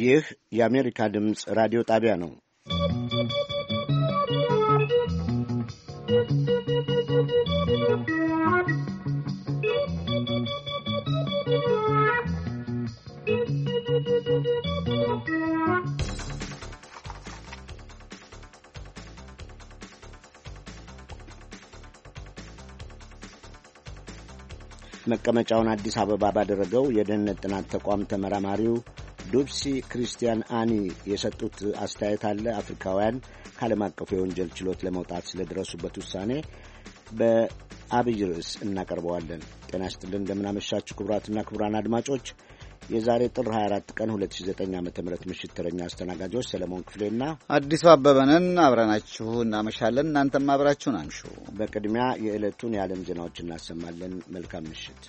ይህ የአሜሪካ ድምፅ ራዲዮ ጣቢያ ነው። መቀመጫውን አዲስ አበባ ባደረገው የደህንነት ጥናት ተቋም ተመራማሪው ዱብሲ ክሪስቲያን አኒ የሰጡት አስተያየት አለ። አፍሪካውያን ከዓለም አቀፉ የወንጀል ችሎት ለመውጣት ስለደረሱበት ውሳኔ በአብይ ርዕስ እናቀርበዋለን። ጤና ስጥልን፣ እንደምናመሻችሁ ክቡራትና ክቡራን አድማጮች የዛሬ ጥር 24 ቀን 2009 ዓ ም ምሽት ተረኛ አስተናጋጆች ሰለሞን ክፍሌና አዲሱ አበበንን አብረናችሁ እናመሻለን። እናንተም አብራችሁን አምሹ። በቅድሚያ የዕለቱን የዓለም ዜናዎች እናሰማለን። መልካም ምሽት።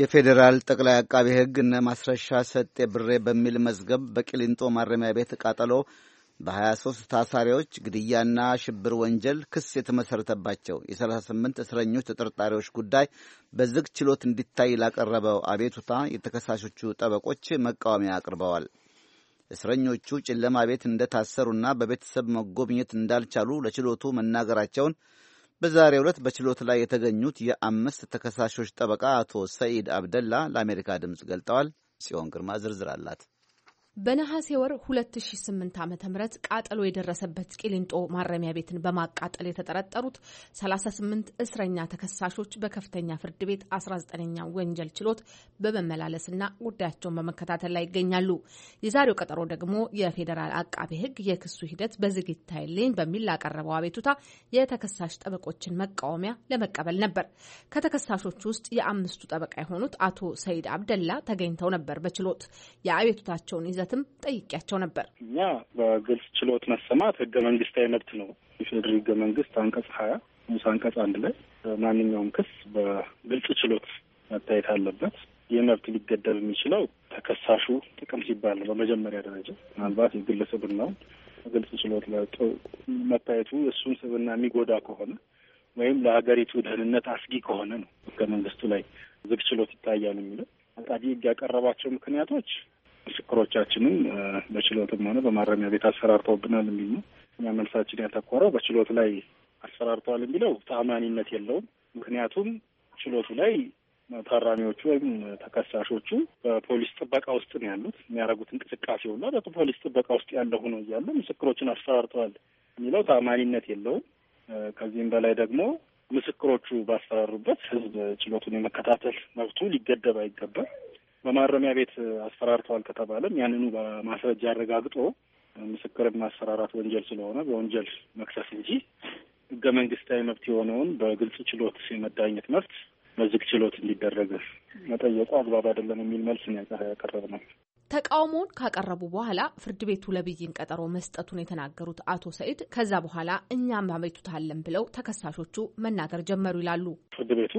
የፌዴራል ጠቅላይ አቃቤ ሕግ እነ ማስረሻ ሰጤ ብሬ በሚል መዝገብ በቅሊንጦ ማረሚያ ቤት ቃጠሎ በ23 ታሳሪዎች ግድያና ሽብር ወንጀል ክስ የተመሠረተባቸው የ38 እስረኞች ተጠርጣሪዎች ጉዳይ በዝግ ችሎት እንዲታይ ላቀረበው አቤቱታ የተከሳሾቹ ጠበቆች መቃወሚያ አቅርበዋል። እስረኞቹ ጨለማ ቤት እንደታሰሩና በቤተሰብ መጎብኘት እንዳልቻሉ ለችሎቱ መናገራቸውን በዛሬው ዕለት በችሎት ላይ የተገኙት የአምስት ተከሳሾች ጠበቃ አቶ ሰኢድ አብደላ ለአሜሪካ ድምፅ ገልጠዋል። ጽዮን ግርማ ዝርዝር አላት። በነሐሴ ወር 2008 ዓ ም ቃጠሎ የደረሰበት ቂሊንጦ ማረሚያ ቤትን በማቃጠል የተጠረጠሩት 38 እስረኛ ተከሳሾች በከፍተኛ ፍርድ ቤት 19ኛ ወንጀል ችሎት በመመላለስና ጉዳያቸውን በመከታተል ላይ ይገኛሉ። የዛሬው ቀጠሮ ደግሞ የፌዴራል አቃቤ ሕግ የክሱ ሂደት በዝግ ይታይልኝ በሚል ላቀረበው አቤቱታ የተከሳሽ ጠበቆችን መቃወሚያ ለመቀበል ነበር። ከተከሳሾች ውስጥ የአምስቱ ጠበቃ የሆኑት አቶ ሰይድ አብደላ ተገኝተው ነበር። በችሎት የአቤቱታቸውን ይዘ ስለትም ጠይቂያቸው ነበር። እኛ በግልጽ ችሎት መሰማት ህገ መንግስታዊ መብት ነው። የፌዴሪ ህገ መንግስት አንቀጽ ሀያ ንዑስ አንቀጽ አንድ ላይ ማንኛውም ክስ በግልጽ ችሎት መታየት አለበት። ይህ መብት ሊገደብ የሚችለው ተከሳሹ ጥቅም ሲባል በመጀመሪያ ደረጃ ምናልባት የግለሰብን ነው በግልጽ ችሎት መታየቱ እሱን ስብና የሚጎዳ ከሆነ ወይም ለሀገሪቱ ደህንነት አስጊ ከሆነ ነው ህገ መንግስቱ ላይ ዝግ ችሎት ይታያል የሚለው። አቃቤ ህግ ያቀረባቸው ምክንያቶች ምስክሮቻችንም በችሎትም ሆነ በማረሚያ ቤት አሰራርተውብናል የሚል ነው። እኛ መልሳችን ያተኮረው በችሎት ላይ አሰራርተዋል የሚለው ተአማኒነት የለውም። ምክንያቱም ችሎቱ ላይ ታራሚዎቹ ወይም ተከሳሾቹ በፖሊስ ጥበቃ ውስጥ ነው ያሉት። የሚያደርጉት እንቅስቃሴ ሁላ በፖሊስ ጥበቃ ውስጥ ያለ ሆኖ እያለ ምስክሮችን አሰራርተዋል የሚለው ተአማኒነት የለውም። ከዚህም በላይ ደግሞ ምስክሮቹ ባሰራሩበት ህዝብ ችሎቱን የመከታተል መብቱ ሊገደብ አይገባም። በማረሚያ ቤት አስፈራርተዋል ከተባለም ያንኑ በማስረጃ አረጋግጦ ምስክርን ማስፈራራት ወንጀል ስለሆነ በወንጀል መክሰስ እንጂ ህገ መንግስታዊ መብት የሆነውን በግልጽ ችሎት የመዳኘት መብት መዝግ ችሎት እንዲደረግ መጠየቁ አግባብ አይደለም የሚል መልስ ያቀረብ ነው። ተቃውሞውን ካቀረቡ በኋላ ፍርድ ቤቱ ለብይን ቀጠሮ መስጠቱን የተናገሩት አቶ ሰኢድ ከዛ በኋላ እኛም አቤቱታ አለን ብለው ተከሳሾቹ መናገር ጀመሩ ይላሉ። ፍርድ ቤቱ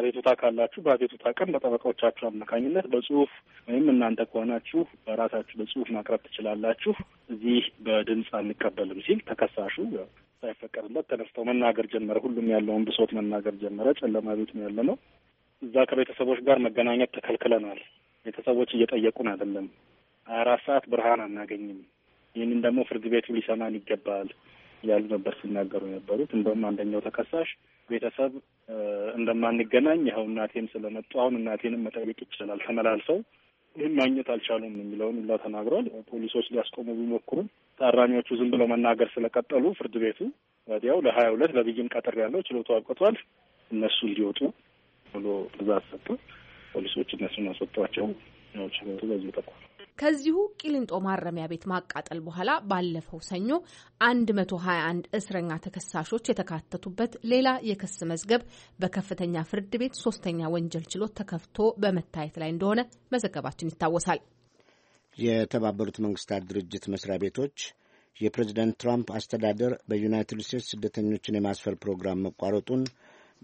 አቤቱታ ካላችሁ በአቤቱታ ቀን በጠበቃዎቻችሁ አማካኝነት በጽሁፍ ወይም እናንተ ከሆናችሁ በራሳችሁ በጽሁፍ ማቅረብ ትችላላችሁ፣ እዚህ በድምፅ አንቀበልም ሲል ተከሳሹ ሳይፈቀድለት ተነስተው መናገር ጀመረ። ሁሉም ያለውን ብሶት መናገር ጀመረ። ጨለማ ቤት ነው ያለ ነው። እዛ ከቤተሰቦች ጋር መገናኘት ተከልክለናል ቤተሰቦች እየጠየቁን አይደለም። ሀያ አራት ሰዓት ብርሃን አናገኝም። ይህንን ደግሞ ፍርድ ቤቱ ሊሰማን ይገባል እያሉ ነበር ሲናገሩ የነበሩት። እንደውም አንደኛው ተከሳሽ ቤተሰብ እንደማንገናኝ ይኸው እናቴም ስለመጡ አሁን እናቴንም መጠየቅ ይችላል ተመላልሰው ይህም ማግኘት አልቻሉም የሚለውን ሁላ ተናግሯል። ፖሊሶች ሊያስቆሙ ቢሞክሩም ታራሚዎቹ ዝም ብለው መናገር ስለቀጠሉ ፍርድ ቤቱ ወዲያው ለሀያ ሁለት በብይን ቀጥር ያለው ችሎቱ አብቅቷል እነሱ እንዲወጡ ብሎ ትእዛዝ ሰጥቷል። ፖሊሶች እነሱን አስወጥተዋቸው ችሎቱ በዚሁ ከዚሁ ቂሊንጦ ማረሚያ ቤት ማቃጠል በኋላ ባለፈው ሰኞ 121 እስረኛ ተከሳሾች የተካተቱበት ሌላ የክስ መዝገብ በከፍተኛ ፍርድ ቤት ሶስተኛ ወንጀል ችሎት ተከፍቶ በመታየት ላይ እንደሆነ መዘገባችን ይታወሳል። የተባበሩት መንግስታት ድርጅት መስሪያ ቤቶች የፕሬዚዳንት ትራምፕ አስተዳደር በዩናይትድ ስቴትስ ስደተኞችን የማስፈር ፕሮግራም መቋረጡን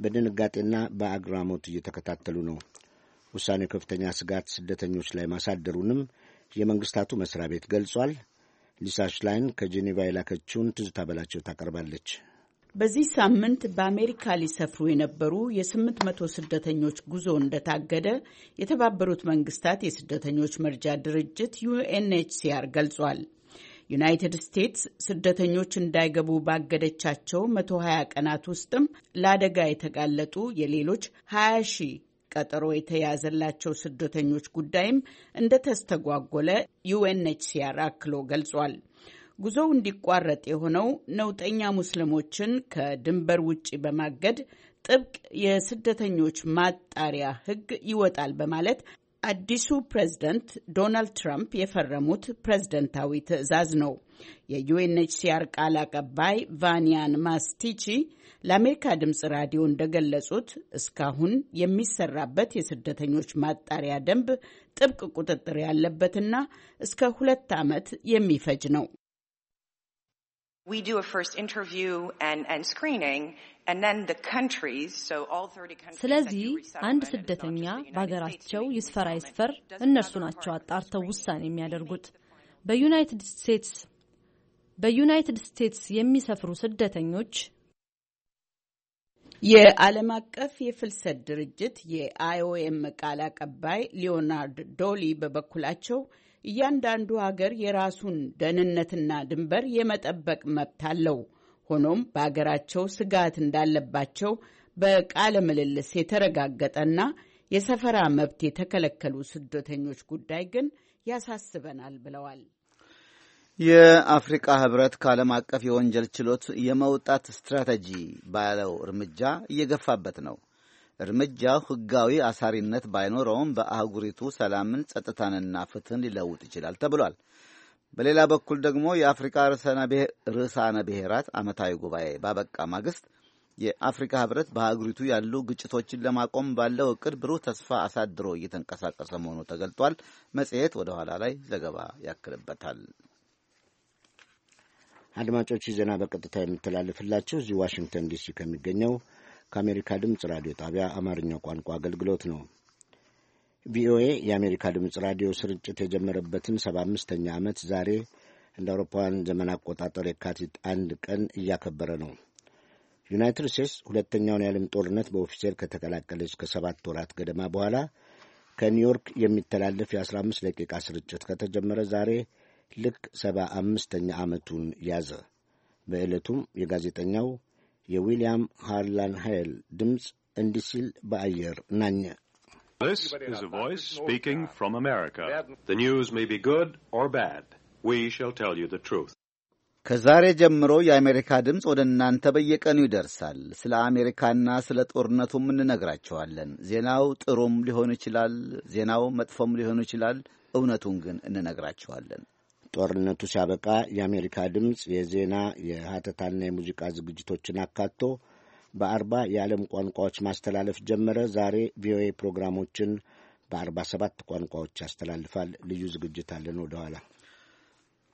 በድንጋጤና በአግራሞት እየተከታተሉ ነው። ውሳኔው ከፍተኛ ስጋት ስደተኞች ላይ ማሳደሩንም የመንግስታቱ መስሪያ ቤት ገልጿል። ሊሳ ሽላይን ከጄኔቫ የላከችውን ትዝታ በላቸው ታቀርባለች። በዚህ ሳምንት በአሜሪካ ሊሰፍሩ የነበሩ የ800 ስደተኞች ጉዞ እንደታገደ የተባበሩት መንግስታት የስደተኞች መርጃ ድርጅት ዩኤንኤችሲአር ገልጿል። ዩናይትድ ስቴትስ ስደተኞች እንዳይገቡ ባገደቻቸው 120 ቀናት ውስጥም ለአደጋ የተጋለጡ የሌሎች 20 ሺህ ቀጠሮ የተያዘላቸው ስደተኞች ጉዳይም እንደተስተጓጎለ ዩኤንኤችሲአር አክሎ ገልጿል። ጉዞው እንዲቋረጥ የሆነው ነውጠኛ ሙስሊሞችን ከድንበር ውጭ በማገድ ጥብቅ የስደተኞች ማጣሪያ ሕግ ይወጣል በማለት አዲሱ ፕሬዝደንት ዶናልድ ትራምፕ የፈረሙት ፕሬዝደንታዊ ትዕዛዝ ነው። የዩኤንኤችሲአር ቃል አቀባይ ቫኒያን ማስቲቺ ለአሜሪካ ድምፅ ራዲዮ እንደገለጹት እስካሁን የሚሰራበት የስደተኞች ማጣሪያ ደንብ ጥብቅ ቁጥጥር ያለበትና እስከ ሁለት ዓመት የሚፈጅ ነው። ስለዚህ አንድ ስደተኛ በሀገራቸው ይስፈራ ይስፈር እነርሱ ናቸው አጣርተው ውሳኔ የሚያደርጉት። በዩናይትድ ስቴትስ በዩናይትድ ስቴትስ የሚሰፍሩ ስደተኞች የዓለም አቀፍ የፍልሰት ድርጅት የአይኦኤም ቃል አቀባይ ሊዮናርድ ዶሊ በበኩላቸው እያንዳንዱ ሀገር የራሱን ደህንነትና ድንበር የመጠበቅ መብት አለው። ሆኖም በሀገራቸው ስጋት እንዳለባቸው በቃለ ምልልስ የተረጋገጠና የሰፈራ መብት የተከለከሉ ስደተኞች ጉዳይ ግን ያሳስበናል ብለዋል። የአፍሪቃ ህብረት ከዓለም አቀፍ የወንጀል ችሎት የመውጣት ስትራቴጂ ባለው እርምጃ እየገፋበት ነው። እርምጃው ህጋዊ አሳሪነት ባይኖረውም በአህጉሪቱ ሰላምን፣ ጸጥታንና ፍትህን ሊለውጥ ይችላል ተብሏል። በሌላ በኩል ደግሞ የአፍሪካ ርዕሳነ ብሔራት ዓመታዊ ጉባኤ ባበቃ ማግስት የአፍሪካ ህብረት በአህጉሪቱ ያሉ ግጭቶችን ለማቆም ባለው እቅድ ብሩህ ተስፋ አሳድሮ እየተንቀሳቀሰ መሆኑ ተገልጧል። መጽሔት ወደ ኋላ ላይ ዘገባ ያክልበታል። አድማጮች ዜና በቀጥታ የሚተላለፍላችሁ እዚህ ዋሽንግተን ዲሲ ከሚገኘው ከአሜሪካ ድምፅ ራዲዮ ጣቢያ አማርኛው ቋንቋ አገልግሎት ነው። ቪኦኤ የአሜሪካ ድምፅ ራዲዮ ስርጭት የጀመረበትን ሰባ አምስተኛ ዓመት ዛሬ እንደ አውሮፓውያን ዘመን አቆጣጠር የካቲት አንድ ቀን እያከበረ ነው። ዩናይትድ ስቴትስ ሁለተኛውን የዓለም ጦርነት በኦፊሴል ከተቀላቀለች ከሰባት ወራት ገደማ በኋላ ከኒውዮርክ የሚተላለፍ የ15 ደቂቃ ስርጭት ከተጀመረ ዛሬ ልክ ሰባ አምስተኛ ዓመቱን ያዘ። በዕለቱም የጋዜጠኛው የዊልያም ሃርላን ኃይል ድምፅ እንዲህ ሲል በአየር ናኘ። This is a voice speaking from America. The news may be good or bad. We shall tell you the truth. ከዛሬ ጀምሮ የአሜሪካ ድምፅ ወደ እናንተ በየቀኑ ይደርሳል። ስለ አሜሪካና ስለ ጦርነቱም እንነግራቸዋለን ዜናው ጥሩም ሊሆን ይችላል፣ ዜናው መጥፎም ሊሆን ይችላል። እውነቱን ግን እንነግራቸዋለን። ጦርነቱ ሲያበቃ የአሜሪካ ድምፅ የዜና የሀተታና የሙዚቃ ዝግጅቶችን አካቶ በአርባ የዓለም ቋንቋዎች ማስተላለፍ ጀመረ። ዛሬ ቪኦኤ ፕሮግራሞችን በአርባ ሰባት ቋንቋዎች ያስተላልፋል። ልዩ ዝግጅት አለን። ወደኋላ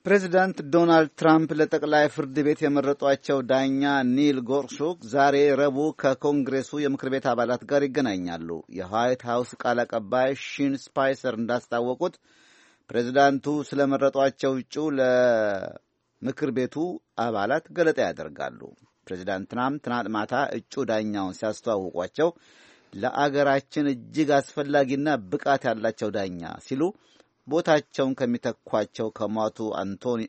ፕሬዚዳንት ዶናልድ ትራምፕ ለጠቅላይ ፍርድ ቤት የመረጧቸው ዳኛ ኒል ጎርሹክ ዛሬ ረቡዕ ከኮንግሬሱ የምክር ቤት አባላት ጋር ይገናኛሉ። የዋይት ሀውስ ቃል አቀባይ ሺን ስፓይሰር እንዳስታወቁት ፕሬዚዳንቱ ስለመረጧቸው እጩ ለምክር ቤቱ አባላት ገለጣ ያደርጋሉ። ፕሬዚዳንት ትራምፕ ትናንት ማታ እጩ ዳኛውን ሲያስተዋውቋቸው ለአገራችን እጅግ አስፈላጊና ብቃት ያላቸው ዳኛ ሲሉ ቦታቸውን ከሚተኳቸው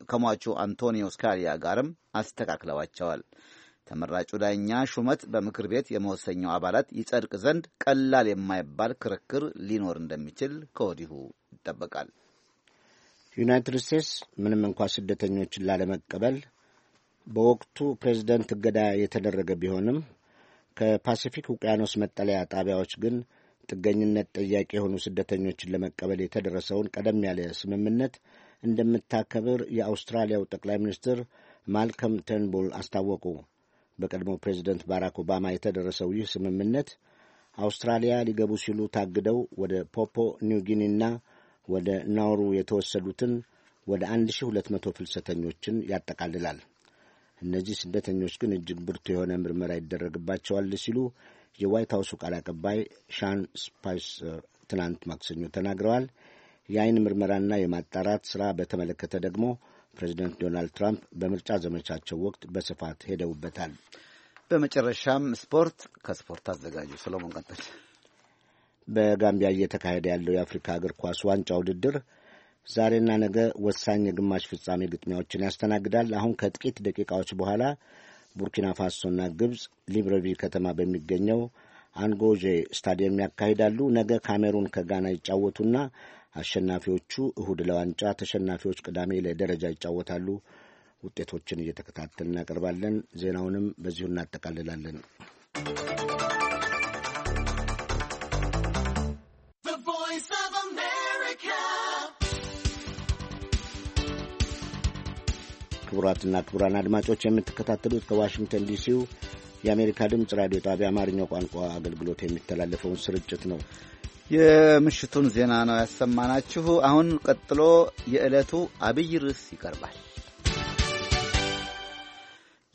ከሟቹ አንቶኒዮ ስካሊያ ጋርም አስተካክለዋቸዋል። ተመራጩ ዳኛ ሹመት በምክር ቤት የመወሰኛው አባላት ይጸድቅ ዘንድ ቀላል የማይባል ክርክር ሊኖር እንደሚችል ከወዲሁ ይጠበቃል። ዩናይትድ ስቴትስ ምንም እንኳ ስደተኞችን ላለመቀበል በወቅቱ ፕሬዚደንት እገዳ የተደረገ ቢሆንም ከፓሲፊክ ውቅያኖስ መጠለያ ጣቢያዎች ግን ጥገኝነት ጠያቂ የሆኑ ስደተኞችን ለመቀበል የተደረሰውን ቀደም ያለ ስምምነት እንደምታከብር የአውስትራሊያው ጠቅላይ ሚኒስትር ማልከም ተንቡል አስታወቁ። በቀድሞ ፕሬዚደንት ባራክ ኦባማ የተደረሰው ይህ ስምምነት አውስትራሊያ ሊገቡ ሲሉ ታግደው ወደ ፖፖ ኒውጊኒና ወደ ናውሩ የተወሰዱትን ወደ 1200 ፍልሰተኞችን ያጠቃልላል። እነዚህ ስደተኞች ግን እጅግ ብርቱ የሆነ ምርመራ ይደረግባቸዋል ሲሉ የዋይት ሀውሱ ቃል አቀባይ ሻን ስፓይሰር ትናንት ማክሰኞ ተናግረዋል። የአይን ምርመራና የማጣራት ስራ በተመለከተ ደግሞ ፕሬዚደንት ዶናልድ ትራምፕ በምርጫ ዘመቻቸው ወቅት በስፋት ሄደውበታል። በመጨረሻም ስፖርት ከስፖርት አዘጋጁ ሰሎሞን ቀጠል በጋምቢያ እየተካሄደ ያለው የአፍሪካ እግር ኳስ ዋንጫ ውድድር ዛሬና ነገ ወሳኝ የግማሽ ፍጻሜ ግጥሚያዎችን ያስተናግዳል። አሁን ከጥቂት ደቂቃዎች በኋላ ቡርኪና ፋሶና ግብፅ ሊብረቪ ከተማ በሚገኘው አንጎዤ ስታዲየም ያካሂዳሉ። ነገ ካሜሩን ከጋና ይጫወቱና አሸናፊዎቹ እሁድ ለዋንጫ፣ ተሸናፊዎች ቅዳሜ ለደረጃ ይጫወታሉ። ውጤቶችን እየተከታተል እናቀርባለን። ዜናውንም በዚሁ እናጠቃልላለን። ክቡራትና ክቡራን አድማጮች የምትከታተሉት ከዋሽንግተን ዲሲው የአሜሪካ ድምፅ ራዲዮ ጣቢያ አማርኛው ቋንቋ አገልግሎት የሚተላለፈውን ስርጭት ነው። የምሽቱን ዜና ነው ያሰማናችሁ። አሁን ቀጥሎ የዕለቱ አብይ ርዕስ ይቀርባል።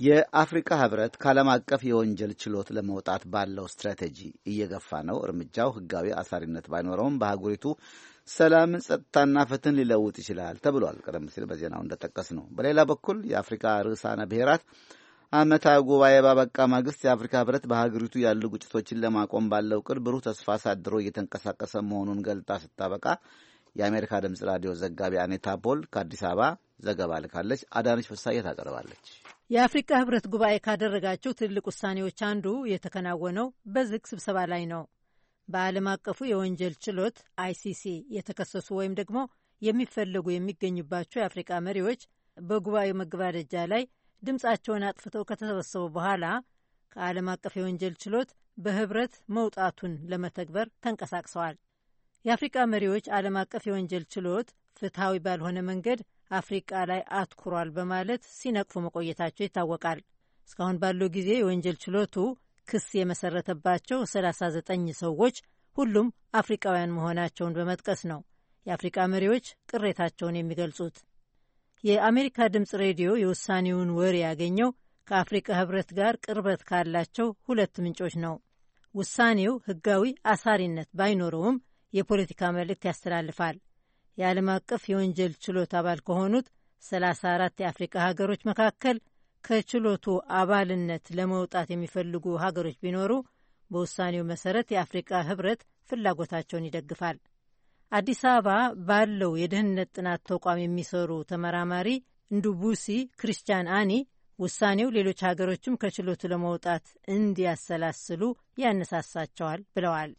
የአፍሪካ ህብረት ከዓለም አቀፍ የወንጀል ችሎት ለመውጣት ባለው ስትራቴጂ እየገፋ ነው። እርምጃው ህጋዊ አሳሪነት ባይኖረውም በአህጉሪቱ ሰላምን፣ ጸጥታና ፍትህን ሊለውጥ ይችላል ተብሏል። ቀደም ሲል በዜናው እንደጠቀስ ነው። በሌላ በኩል የአፍሪካ ርዕሳነ ብሔራት ዓመታዊ ጉባኤ ባበቃ ማግስት የአፍሪካ ህብረት በሀገሪቱ ያሉ ግጭቶችን ለማቆም ባለው ቅድ ብሩህ ተስፋ አሳድሮ እየተንቀሳቀሰ መሆኑን ገልጣ ስታበቃ የአሜሪካ ድምፅ ራዲዮ ዘጋቢ አኔታ ፖል ከአዲስ አበባ ዘገባ ልካለች። አዳነች ፍሳዬ ታቀርባለች። የአፍሪካ ህብረት ጉባኤ ካደረጋቸው ትልቅ ውሳኔዎች አንዱ የተከናወነው በዝግ ስብሰባ ላይ ነው። በዓለም አቀፉ የወንጀል ችሎት አይሲሲ የተከሰሱ ወይም ደግሞ የሚፈለጉ የሚገኙባቸው የአፍሪቃ መሪዎች በጉባኤው መገባደጃ ላይ ድምፃቸውን አጥፍተው ከተሰበሰቡ በኋላ ከዓለም አቀፍ የወንጀል ችሎት በህብረት መውጣቱን ለመተግበር ተንቀሳቅሰዋል። የአፍሪቃ መሪዎች ዓለም አቀፍ የወንጀል ችሎት ፍትሐዊ ባልሆነ መንገድ አፍሪቃ ላይ አትኩሯል በማለት ሲነቅፉ መቆየታቸው ይታወቃል። እስካሁን ባለው ጊዜ የወንጀል ችሎቱ ክስ የመሰረተባቸው 39 ሰዎች ሁሉም አፍሪቃውያን መሆናቸውን በመጥቀስ ነው የአፍሪቃ መሪዎች ቅሬታቸውን የሚገልጹት። የአሜሪካ ድምፅ ሬዲዮ የውሳኔውን ወር ያገኘው ከአፍሪቃ ህብረት ጋር ቅርበት ካላቸው ሁለት ምንጮች ነው። ውሳኔው ህጋዊ አሳሪነት ባይኖረውም የፖለቲካ መልእክት ያስተላልፋል። የዓለም አቀፍ የወንጀል ችሎት አባል ከሆኑት 34 የአፍሪቃ ሀገሮች መካከል ከችሎቱ አባልነት ለመውጣት የሚፈልጉ ሀገሮች ቢኖሩ በውሳኔው መሰረት የአፍሪቃ ህብረት ፍላጎታቸውን ይደግፋል። አዲስ አበባ ባለው የደህንነት ጥናት ተቋም የሚሰሩ ተመራማሪ እንዱቡሲ ክርስቲያን አኒ ውሳኔው ሌሎች ሀገሮችም ከችሎቱ ለመውጣት እንዲያሰላስሉ ያነሳሳቸዋል ብለዋል።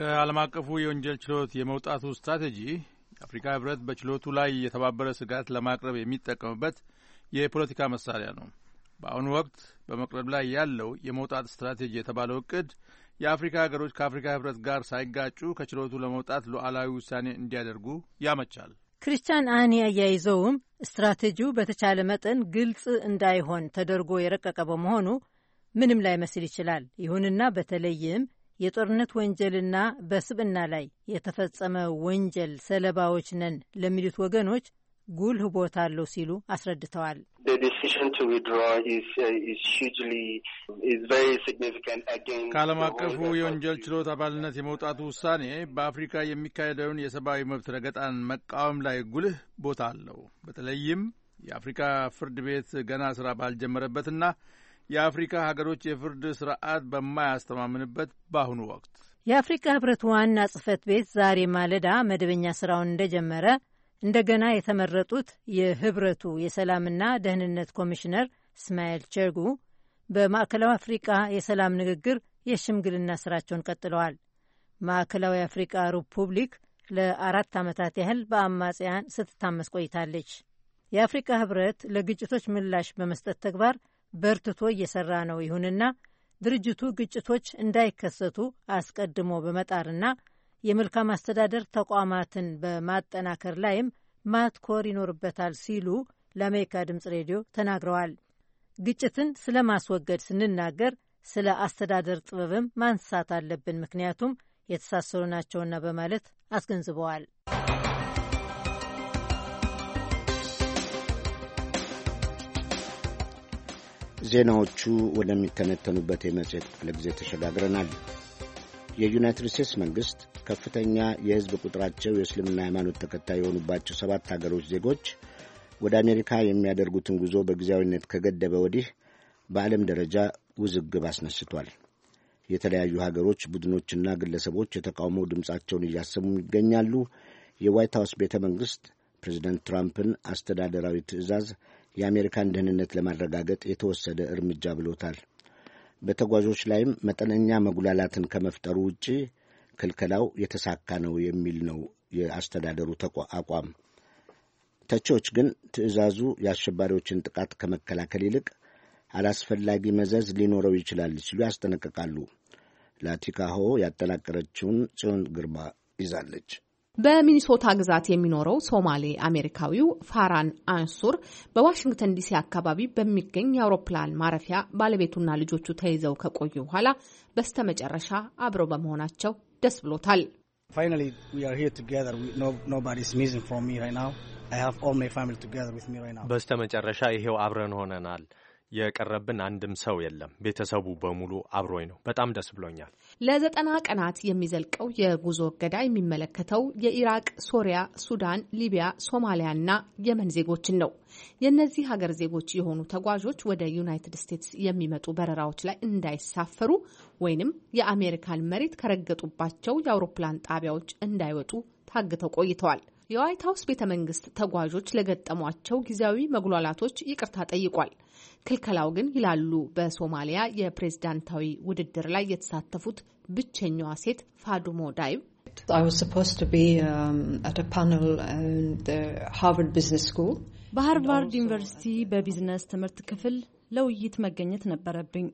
ከዓለም አቀፉ የወንጀል ችሎት የመውጣቱ ስትራቴጂ አፍሪካ ህብረት በችሎቱ ላይ የተባበረ ስጋት ለማቅረብ የሚጠቀምበት የፖለቲካ መሳሪያ ነው። በአሁኑ ወቅት በመቅረብ ላይ ያለው የመውጣት ስትራቴጂ የተባለው እቅድ የአፍሪካ ሀገሮች ከአፍሪካ ህብረት ጋር ሳይጋጩ ከችሎቱ ለመውጣት ሉዓላዊ ውሳኔ እንዲያደርጉ ያመቻል። ክርስቲያን አኒ አያይዘውም ስትራቴጂው በተቻለ መጠን ግልጽ እንዳይሆን ተደርጎ የረቀቀ በመሆኑ ምንም ላይመስል ይችላል። ይሁንና በተለይም የጦርነት ወንጀልና በስብና ላይ የተፈጸመ ወንጀል ሰለባዎች ነን ለሚሉት ወገኖች ጉልህ ቦታ አለው ሲሉ አስረድተዋል። uh, ከዓለም አቀፉ የወንጀል ችሎት አባልነት የመውጣቱ ውሳኔ በአፍሪካ የሚካሄደውን የሰብአዊ መብት ረገጣን መቃወም ላይ ጉልህ ቦታ አለው። በተለይም የአፍሪካ ፍርድ ቤት ገና ስራ ባልጀመረበትና የአፍሪካ ሀገሮች የፍርድ ስርዓት በማያስተማምንበት በአሁኑ ወቅት የአፍሪካ ህብረት ዋና ጽህፈት ቤት ዛሬ ማለዳ መደበኛ ስራውን እንደጀመረ እንደገና የተመረጡት የህብረቱ የሰላምና ደህንነት ኮሚሽነር እስማኤል ቸርጉ በማዕከላዊ አፍሪቃ የሰላም ንግግር የሽምግልና ስራቸውን ቀጥለዋል። ማዕከላዊ አፍሪቃ ሪፑብሊክ ለአራት ዓመታት ያህል በአማጽያን ስትታመስ ቆይታለች። የአፍሪካ ህብረት ለግጭቶች ምላሽ በመስጠት ተግባር በርትቶ እየሰራ ነው። ይሁንና ድርጅቱ ግጭቶች እንዳይከሰቱ አስቀድሞ በመጣርና የመልካም አስተዳደር ተቋማትን በማጠናከር ላይም ማትኮር ይኖርበታል ሲሉ ለአሜሪካ ድምፅ ሬዲዮ ተናግረዋል። ግጭትን ስለ ማስወገድ ስንናገር ስለ አስተዳደር ጥበብም ማንሳት አለብን፣ ምክንያቱም የተሳሰሩ ናቸውና በማለት አስገንዝበዋል። ዜናዎቹ ወደሚተነተኑበት የመጽሔት ክፍለ ጊዜ ተሸጋግረናል። የዩናይትድ ስቴትስ መንግሥት ከፍተኛ የሕዝብ ቁጥራቸው የእስልምና ሃይማኖት ተከታይ የሆኑባቸው ሰባት አገሮች ዜጎች ወደ አሜሪካ የሚያደርጉትን ጉዞ በጊዜያዊነት ከገደበ ወዲህ በዓለም ደረጃ ውዝግብ አስነስቷል። የተለያዩ ሀገሮች ቡድኖችና ግለሰቦች የተቃውሞ ድምፃቸውን እያሰሙ ይገኛሉ። የዋይት ሀውስ ቤተ መንግሥት ፕሬዚደንት ትራምፕን አስተዳደራዊ ትዕዛዝ የአሜሪካን ደህንነት ለማረጋገጥ የተወሰደ እርምጃ ብሎታል። በተጓዦች ላይም መጠነኛ መጉላላትን ከመፍጠሩ ውጪ ክልከላው የተሳካ ነው የሚል ነው የአስተዳደሩ አቋም። ተቺዎች ግን ትዕዛዙ የአሸባሪዎችን ጥቃት ከመከላከል ይልቅ አላስፈላጊ መዘዝ ሊኖረው ይችላል ሲሉ ያስጠነቅቃሉ። ላቲካሆ ያጠናቀረችውን ጽዮን ግርማ ይዛለች። በሚኒሶታ ግዛት የሚኖረው ሶማሌ አሜሪካዊው ፋራን አንሱር በዋሽንግተን ዲሲ አካባቢ በሚገኝ የአውሮፕላን ማረፊያ ባለቤቱና ልጆቹ ተይዘው ከቆዩ በኋላ በስተመጨረሻ አብረው በመሆናቸው ደስ ብሎታል። መጨረሻ ይሄው አብረን ሆነናል። የቀረብን አንድም ሰው የለም። ቤተሰቡ በሙሉ አብሮኝ ነው። በጣም ደስ ብሎኛል። ለዘጠና ቀናት የሚዘልቀው የጉዞ እገዳ የሚመለከተው የኢራቅ፣ ሶሪያ፣ ሱዳን፣ ሊቢያ፣ ሶማሊያ እና የመን ዜጎችን ነው። የእነዚህ ሀገር ዜጎች የሆኑ ተጓዦች ወደ ዩናይትድ ስቴትስ የሚመጡ በረራዎች ላይ እንዳይሳፈሩ ወይንም የአሜሪካን መሬት ከረገጡባቸው የአውሮፕላን ጣቢያዎች እንዳይወጡ ታግተው ቆይተዋል። የዋይት ሀውስ ቤተ መንግስት ተጓዦች ለገጠሟቸው ጊዜያዊ መጉላላቶች ይቅርታ ጠይቋል። ክልከላው ግን ይላሉ በሶማሊያ የፕሬዝዳንታዊ ውድድር ላይ የተሳተፉት ብቸኛዋ ሴት ፋዱሞ ዳይብ um, በሃርቫርድ ዩኒቨርሲቲ በቢዝነስ ትምህርት ክፍል ለውይይት መገኘት ነበረብኝ።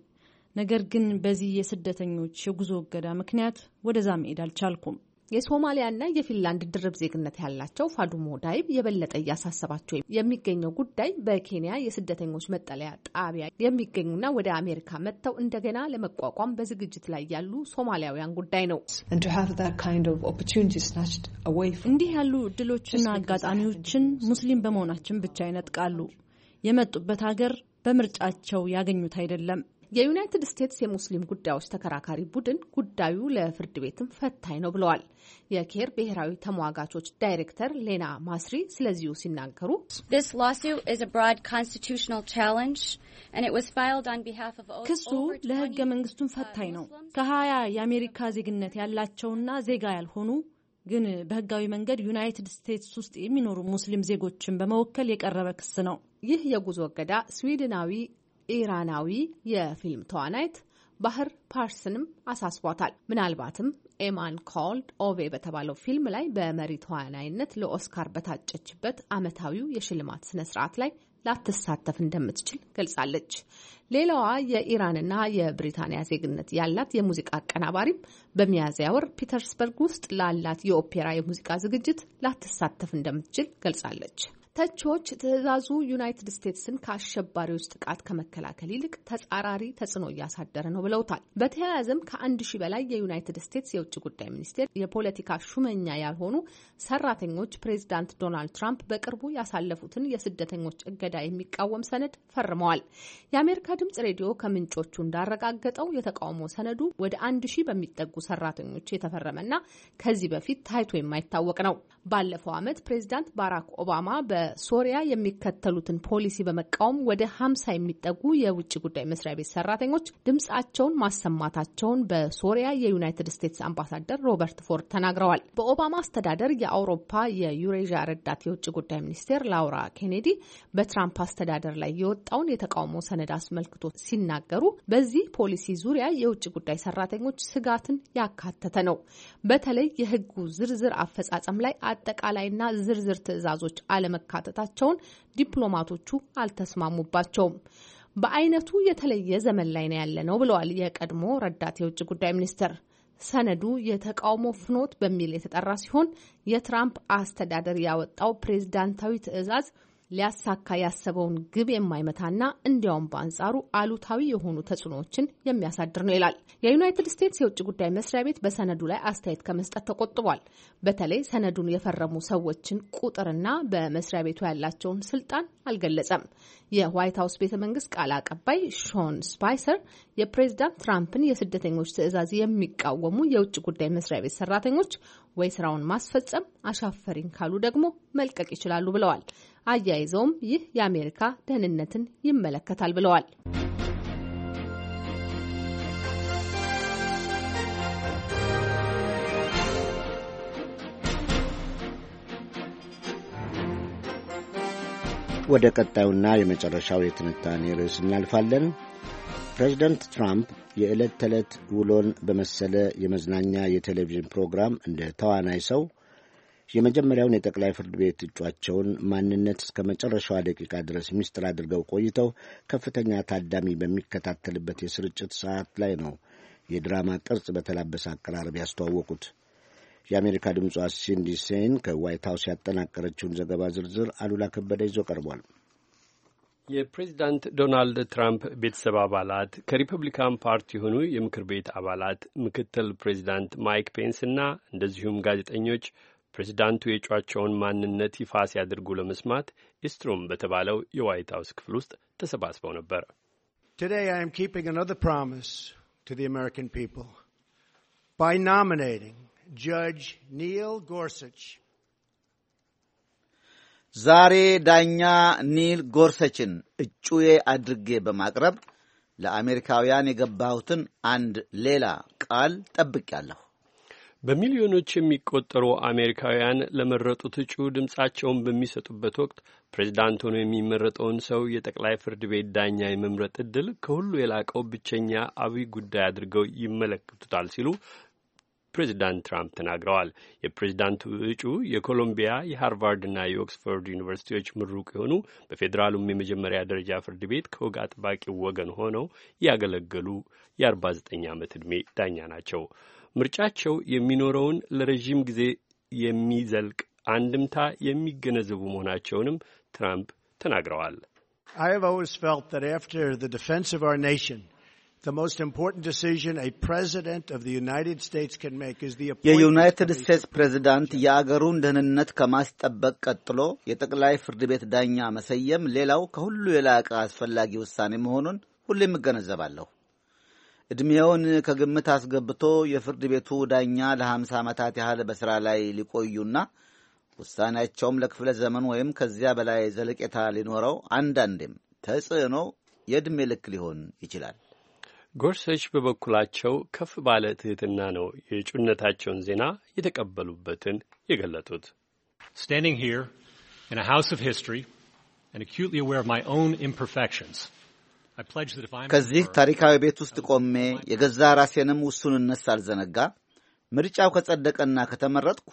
ነገር ግን በዚህ የስደተኞች የጉዞ እገዳ ምክንያት ወደዛ መሄድ አልቻልኩም። የሶማሊያና የፊንላንድ ድርብ ዜግነት ያላቸው ፋዱሞ ዳይብ የበለጠ እያሳሰባቸው የሚገኘው ጉዳይ በኬንያ የስደተኞች መጠለያ ጣቢያ የሚገኙና ወደ አሜሪካ መጥተው እንደገና ለመቋቋም በዝግጅት ላይ ያሉ ሶማሊያውያን ጉዳይ ነው። እንዲህ ያሉ እድሎችና አጋጣሚዎችን ሙስሊም በመሆናችን ብቻ ይነጥቃሉ። የመጡበት ሀገር በምርጫቸው ያገኙት አይደለም። የዩናይትድ ስቴትስ የሙስሊም ጉዳዮች ተከራካሪ ቡድን ጉዳዩ ለፍርድ ቤትም ፈታኝ ነው ብለዋል። የኬር ብሔራዊ ተሟጋቾች ዳይሬክተር ሌና ማስሪ ስለዚሁ ሲናገሩ ክሱ ለህገ መንግስቱን ፈታኝ ነው። ከሀያ የአሜሪካ ዜግነት ያላቸውና ዜጋ ያልሆኑ ግን በህጋዊ መንገድ ዩናይትድ ስቴትስ ውስጥ የሚኖሩ ሙስሊም ዜጎችን በመወከል የቀረበ ክስ ነው። ይህ የጉዞ እገዳ ስዊድናዊ ኢራናዊ የፊልም ተዋናይት ባህር ፓርስንም አሳስቧታል። ምናልባትም ኤማን ኮልድ ኦቬ በተባለው ፊልም ላይ በመሪ ተዋናይነት ለኦስካር በታጨችበት ዓመታዊው የሽልማት ስነ ስርዓት ላይ ላትሳተፍ እንደምትችል ገልጻለች። ሌላዋ የኢራንና የብሪታንያ ዜግነት ያላት የሙዚቃ አቀናባሪም በሚያዝያ ወር ፒተርስበርግ ውስጥ ላላት የኦፔራ የሙዚቃ ዝግጅት ላትሳተፍ እንደምትችል ገልጻለች። ተቺዎች ትዕዛዙ ዩናይትድ ስቴትስን ከአሸባሪዎች ጥቃት ከመከላከል ይልቅ ተጻራሪ ተጽዕኖ እያሳደረ ነው ብለውታል። በተያያዘም ከአንድ ሺህ በላይ የዩናይትድ ስቴትስ የውጭ ጉዳይ ሚኒስቴር የፖለቲካ ሹመኛ ያልሆኑ ሰራተኞች ፕሬዚዳንት ዶናልድ ትራምፕ በቅርቡ ያሳለፉትን የስደተኞች እገዳ የሚቃወም ሰነድ ፈርመዋል። የአሜሪካ ድምጽ ሬዲዮ ከምንጮቹ እንዳረጋገጠው የተቃውሞ ሰነዱ ወደ አንድ ሺህ በሚጠጉ ሰራተኞች የተፈረመና ከዚህ በፊት ታይቶ የማይታወቅ ነው። ባለፈው ዓመት ፕሬዚዳንት ባራክ ኦባማ በ በሶሪያ የሚከተሉትን ፖሊሲ በመቃወም ወደ ሀምሳ የሚጠጉ የውጭ ጉዳይ መስሪያ ቤት ሰራተኞች ድምጻቸውን ማሰማታቸውን በሶሪያ የዩናይትድ ስቴትስ አምባሳደር ሮበርት ፎርድ ተናግረዋል። በኦባማ አስተዳደር የአውሮፓ የዩሬዥያ ረዳት የውጭ ጉዳይ ሚኒስቴር ላውራ ኬኔዲ በትራምፕ አስተዳደር ላይ የወጣውን የተቃውሞ ሰነድ አስመልክቶ ሲናገሩ በዚህ ፖሊሲ ዙሪያ የውጭ ጉዳይ ሰራተኞች ስጋትን ያካተተ ነው። በተለይ የህጉ ዝርዝር አፈጻጸም ላይ አጠቃላይና ዝርዝር ትዕዛዞች አለመ ማካተታቸውን ዲፕሎማቶቹ አልተስማሙባቸውም። በአይነቱ የተለየ ዘመን ላይ ነው ነው ብለዋል የቀድሞ ረዳት የውጭ ጉዳይ ሚኒስትር። ሰነዱ የተቃውሞ ፍኖት በሚል የተጠራ ሲሆን የትራምፕ አስተዳደር ያወጣው ፕሬዝዳንታዊ ትዕዛዝ ሊያሳካ ያሰበውን ግብ የማይመታና እንዲያውም በአንጻሩ አሉታዊ የሆኑ ተጽዕኖዎችን የሚያሳድር ነው ይላል። የዩናይትድ ስቴትስ የውጭ ጉዳይ መስሪያ ቤት በሰነዱ ላይ አስተያየት ከመስጠት ተቆጥቧል። በተለይ ሰነዱን የፈረሙ ሰዎችን ቁጥርና በመስሪያ ቤቱ ያላቸውን ስልጣን አልገለጸም። የዋይት ሀውስ ቤተ መንግስት ቃል አቀባይ ሾን ስፓይሰር የፕሬዚዳንት ትራምፕን የስደተኞች ትዕዛዝ የሚቃወሙ የውጭ ጉዳይ መስሪያ ቤት ሰራተኞች ወይ ስራውን ማስፈጸም አሻፈሪን ካሉ ደግሞ መልቀቅ ይችላሉ ብለዋል። አያይዘውም ይህ የአሜሪካ ደህንነትን ይመለከታል ብለዋል። ወደ ቀጣዩና የመጨረሻው የትንታኔ ርዕስ እናልፋለን። ፕሬዚደንት ትራምፕ የዕለት ተዕለት ውሎን በመሰለ የመዝናኛ የቴሌቪዥን ፕሮግራም እንደ ተዋናይ ሰው የመጀመሪያውን የጠቅላይ ፍርድ ቤት እጩአቸውን ማንነት እስከ መጨረሻዋ ደቂቃ ድረስ ሚስጥር አድርገው ቆይተው ከፍተኛ ታዳሚ በሚከታተልበት የስርጭት ሰዓት ላይ ነው የድራማ ቅርጽ በተላበሰ አቀራረብ ያስተዋወቁት። የአሜሪካ ድምጿ ሲንዲ ሴን ከዋይት ሀውስ ያጠናቀረችውን ዘገባ ዝርዝር አሉላ ከበደ ይዞ ቀርቧል። የፕሬዚዳንት ዶናልድ ትራምፕ ቤተሰብ አባላት ከሪፐብሊካን ፓርቲ የሆኑ የምክር ቤት አባላት ምክትል ፕሬዚዳንት ማይክ ፔንስና እንደዚሁም ጋዜጠኞች ፕሬዚዳንቱ የእጩአቸውን ማንነት ይፋ ሲያደርጉ ለመስማት ኢስትሩም በተባለው የዋይት ሀውስ ክፍል ውስጥ ተሰባስበው ነበር። Today I am keeping another promise to the American people by nominating Judge Neil Gorsuch. ዛሬ ዳኛ ኒል ጎርሰችን እጩዬ አድርጌ በማቅረብ ለአሜሪካውያን የገባሁትን አንድ ሌላ ቃል ጠብቅ ያለሁ። በሚሊዮኖች የሚቆጠሩ አሜሪካውያን ለመረጡት እጩ ድምጻቸውን በሚሰጡበት ወቅት ፕሬዚዳንት ሆኖ የሚመረጠውን ሰው የጠቅላይ ፍርድ ቤት ዳኛ የመምረጥ እድል ከሁሉ የላቀው ብቸኛ አብይ ጉዳይ አድርገው ይመለከቱታል ሲሉ ፕሬዚዳንት ትራምፕ ተናግረዋል። የፕሬዚዳንቱ እጩ የኮሎምቢያ የሃርቫርድና የኦክስፎርድ ዩኒቨርሲቲዎች ምሩቅ የሆኑ በፌዴራሉም የመጀመሪያ ደረጃ ፍርድ ቤት ከወግ አጥባቂው ወገን ሆነው ያገለገሉ የ49 ዓመት ዕድሜ ዳኛ ናቸው። ምርጫቸው የሚኖረውን ለረዥም ጊዜ የሚዘልቅ አንድምታ የሚገነዘቡ መሆናቸውንም ትራምፕ ተናግረዋል። የዩናይትድ ስቴትስ ፕሬዚዳንት የአገሩን ደህንነት ከማስጠበቅ ቀጥሎ የጠቅላይ ፍርድ ቤት ዳኛ መሰየም ሌላው ከሁሉ የላቀ አስፈላጊ ውሳኔ መሆኑን ሁሌም እገነዘባለሁ። ዕድሜውን ከግምት አስገብቶ የፍርድ ቤቱ ዳኛ ለሀምሳ ዓመታት ያህል በሥራ ላይ ሊቆዩና ውሳኔያቸውም ለክፍለ ዘመን ወይም ከዚያ በላይ ዘለቄታ ሊኖረው አንዳንዴም ተጽዕኖ የዕድሜ ልክ ሊሆን ይችላል። ጎርሰች በበኩላቸው ከፍ ባለ ትሕትና ነው የእጩነታቸውን ዜና የተቀበሉበትን የገለጡት። ስታንዲንግ ሂር ኢን አ ሃውስ ኦፍ ሂስትሪ አኪዩትሊ አዌር ኦፍ ማይ ኦውን ኢምፐርፌክሽንስ ከዚህ ታሪካዊ ቤት ውስጥ ቆሜ የገዛ ራሴንም ውሱንነት ሳልዘነጋ ምርጫው ከጸደቀና ከተመረጥኩ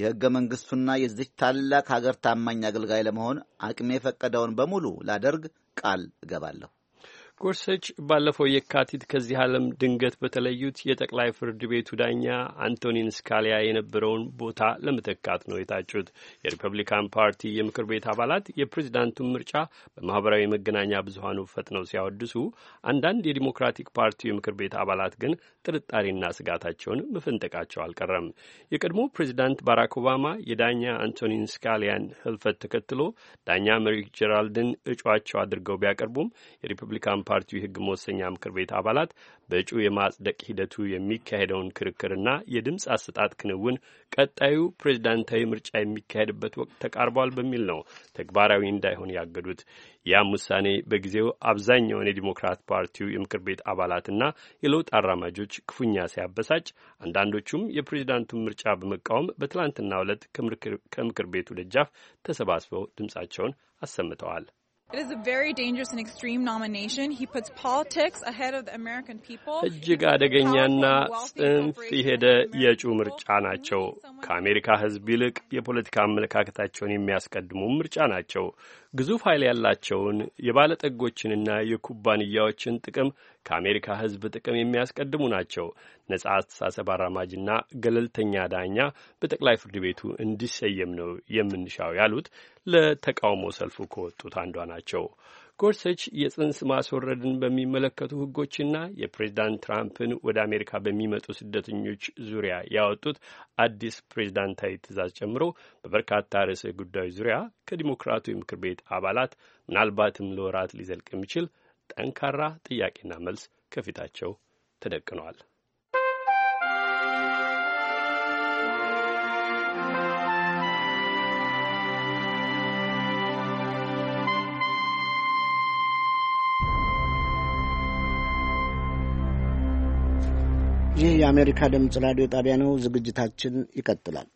የሕገ መንግሥቱና የዚች ታላቅ ሀገር ታማኝ አገልጋይ ለመሆን አቅሜ የፈቀደውን በሙሉ ላደርግ ቃል እገባለሁ። ጎርሰች ባለፈው የካቲት ከዚህ ዓለም ድንገት በተለዩት የጠቅላይ ፍርድ ቤቱ ዳኛ አንቶኒን ስካሊያ የነበረውን ቦታ ለመተካት ነው የታጩት። የሪፐብሊካን ፓርቲ የምክር ቤት አባላት የፕሬዚዳንቱን ምርጫ በማህበራዊ መገናኛ ብዙሀኑ ፈጥነው ሲያወድሱ፣ አንዳንድ የዲሞክራቲክ ፓርቲ የምክር ቤት አባላት ግን ጥርጣሬና ስጋታቸውን መፈንጠቃቸው አልቀረም። የቀድሞ ፕሬዚዳንት ባራክ ኦባማ የዳኛ አንቶኒን ስካሊያን ህልፈት ተከትሎ ዳኛ መሪክ ጀራልድን እጩአቸው አድርገው ቢያቀርቡም የሪፐብሊካን የፓርቲው የህግ መወሰኛ ምክር ቤት አባላት በእጩ የማጽደቅ ሂደቱ የሚካሄደውን ክርክርና የድምፅ አሰጣጥ ክንውን ቀጣዩ ፕሬዚዳንታዊ ምርጫ የሚካሄድበት ወቅት ተቃርቧል በሚል ነው ተግባራዊ እንዳይሆን ያገዱት። ያም ውሳኔ በጊዜው አብዛኛውን የዲሞክራት ፓርቲው የምክር ቤት አባላትና የለውጥ አራማጆች ክፉኛ ሲያበሳጭ፣ አንዳንዶቹም የፕሬዚዳንቱን ምርጫ በመቃወም በትላንትና ዕለት ከምክር ቤቱ ደጃፍ ተሰባስበው ድምፃቸውን አሰምተዋል። እጅግ አደገኛና ጽንፍ የሄደ የእጩ ምርጫ ናቸው። ከአሜሪካ ሕዝብ ይልቅ የፖለቲካ አመለካከታቸውን የሚያስቀድሙ ምርጫ ናቸው። ግዙፍ ኃይል ያላቸውን የባለጠጎችንና የኩባንያዎችን ጥቅም ከአሜሪካ ሕዝብ ጥቅም የሚያስቀድሙ ናቸው። ነጻ አስተሳሰብ አራማጅና ገለልተኛ ዳኛ በጠቅላይ ፍርድ ቤቱ እንዲሰየም ነው የምንሻው ያሉት ለተቃውሞ ሰልፉ ከወጡት አንዷ ናቸው። ጎርሰች የጽንስ ማስወረድን በሚመለከቱ ህጎችና የፕሬዚዳንት ትራምፕን ወደ አሜሪካ በሚመጡ ስደተኞች ዙሪያ ያወጡት አዲስ ፕሬዚዳንታዊ ትእዛዝ ጨምሮ በበርካታ ርዕሰ ጉዳዮች ዙሪያ ከዲሞክራቱ የምክር ቤት አባላት ምናልባትም ለወራት ሊዘልቅ የሚችል ጠንካራ ጥያቄና መልስ ከፊታቸው ተደቅነዋል። የአሜሪካ ድምፅ ራዲዮ ጣቢያ ነው። ዝግጅታችን ይቀጥላል።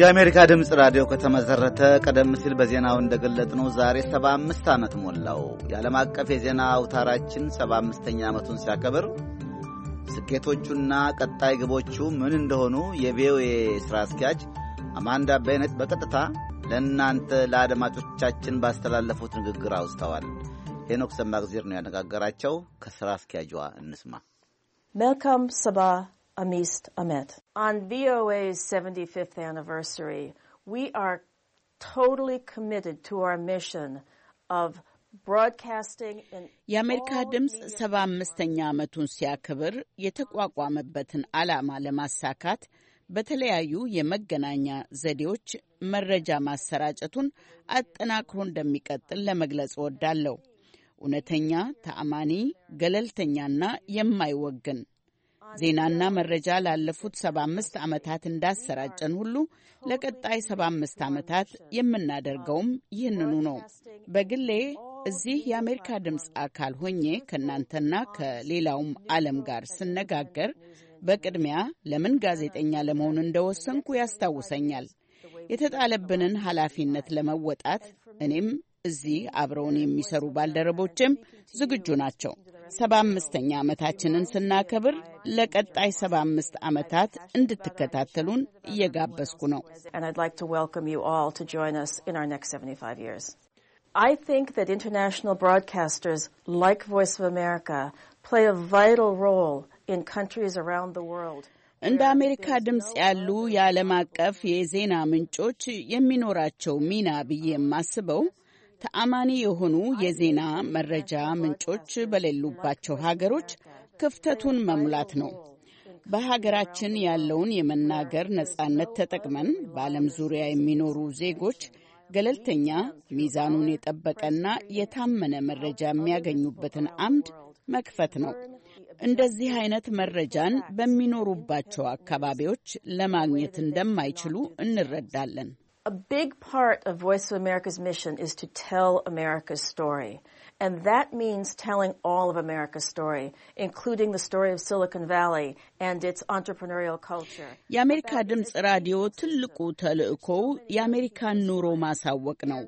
የአሜሪካ ድምፅ ራዲዮ ከተመሠረተ ቀደም ሲል በዜናው እንደገለጽነው ዛሬ 75 ዓመት ሞላው። የዓለም አቀፍ የዜና አውታራችን 75ኛ ዓመቱን ሲያከብር ስኬቶቹና ቀጣይ ግቦቹ ምን እንደሆኑ የቪኦኤ ሥራ አስኪያጅ አማንዳ በይነት በቀጥታ ለእናንተ ለአድማጮቻችን ባስተላለፉት ንግግር አውስተዋል። ሄኖክ ሰማግዜር ነው ያነጋገራቸው። ከስራ አስኪያጇ እንስማ። መልካም ሰባ አሚስት አመት on ቪኦኤ 75th anniversary, we are totally committed to our mission of የአሜሪካ ድምፅ ሰባ አምስተኛ ዓመቱን ሲያክብር የተቋቋመበትን ዓላማ ለማሳካት በተለያዩ የመገናኛ ዘዴዎች መረጃ ማሰራጨቱን አጠናክሮ እንደሚቀጥል ለመግለጽ እወዳለሁ። እውነተኛ፣ ተአማኒ፣ ገለልተኛና የማይወግን ዜናና መረጃ ላለፉት 75 ዓመታት እንዳሰራጨን ሁሉ ለቀጣይ 75 ዓመታት የምናደርገውም ይህንኑ ነው። በግሌ እዚህ የአሜሪካ ድምፅ አካል ሆኜ ከእናንተና ከሌላውም ዓለም ጋር ስነጋገር በቅድሚያ ለምን ጋዜጠኛ ለመሆን እንደወሰንኩ ያስታውሰኛል። የተጣለብንን ኃላፊነት ለመወጣት እኔም እዚህ አብረውን የሚሰሩ ባልደረቦችም ዝግጁ ናቸው። ሰባ አምስተኛ ዓመታችንን ስናከብር ለቀጣይ ሰባ አምስት ዓመታት እንድትከታተሉን እየጋበዝኩ ነው። I think that international broadcasters like Voice of America play a vital role in countries around the world. እንደ አሜሪካ ድምፅ ያሉ የዓለም አቀፍ የዜና ምንጮች የሚኖራቸው ሚና ብዬ የማስበው ተአማኒ የሆኑ የዜና መረጃ ምንጮች በሌሉባቸው ሀገሮች ክፍተቱን መሙላት ነው። በሀገራችን ያለውን የመናገር ነጻነት ተጠቅመን በዓለም ዙሪያ የሚኖሩ ዜጎች ገለልተኛ፣ ሚዛኑን የጠበቀና የታመነ መረጃ የሚያገኙበትን አምድ መክፈት ነው። እንደዚህ አይነት መረጃን በሚኖሩባቸው አካባቢዎች ለማግኘት እንደማይችሉ እንረዳለን። a big part of Voice of America's mission is to tell America's story. And that means telling all of America's story, including the story of Silicon Valley and its entrepreneurial culture. የአሜሪካ ድምፅ ራዲዮ ትልቁ ተልእኮው የአሜሪካን ኑሮ ማሳወቅ ነው።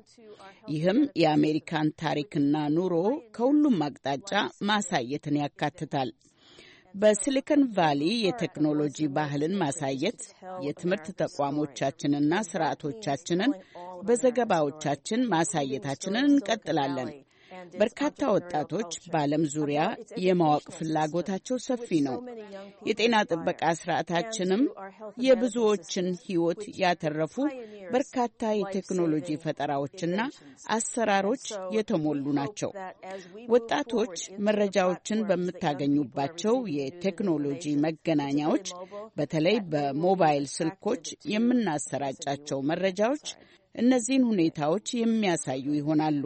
ይህም የአሜሪካን ታሪክና ኑሮ ከሁሉም አቅጣጫ ማሳየትን ያካትታል። በሲሊከን ቫሊ የቴክኖሎጂ ባህልን ማሳየት የትምህርት ተቋሞቻችንና ስርዓቶቻችንን በዘገባዎቻችን ማሳየታችንን እንቀጥላለን። በርካታ ወጣቶች በዓለም ዙሪያ የማወቅ ፍላጎታቸው ሰፊ ነው። የጤና ጥበቃ ስርዓታችንም የብዙዎችን ሕይወት ያተረፉ በርካታ የቴክኖሎጂ ፈጠራዎችና አሰራሮች የተሞሉ ናቸው። ወጣቶች መረጃዎችን በምታገኙባቸው የቴክኖሎጂ መገናኛዎች፣ በተለይ በሞባይል ስልኮች የምናሰራጫቸው መረጃዎች እነዚህን ሁኔታዎች የሚያሳዩ ይሆናሉ።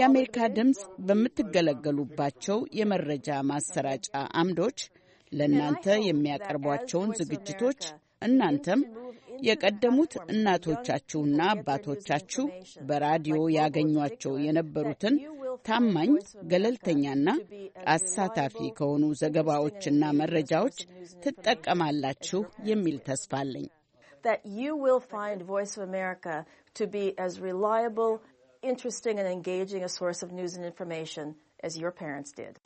የአሜሪካ ድምፅ በምትገለገሉባቸው የመረጃ ማሰራጫ አምዶች ለእናንተ የሚያቀርቧቸውን ዝግጅቶች እናንተም የቀደሙት እናቶቻችሁና አባቶቻችሁ በራዲዮ ያገኟቸው የነበሩትን ታማኝ ገለልተኛና አሳታፊ ከሆኑ ዘገባዎችና መረጃዎች ትጠቀማላችሁ የሚል ተስፋ አለኝ። that you will find Voice of America to be as reliable, interesting, and engaging a source of news and information as your parents did.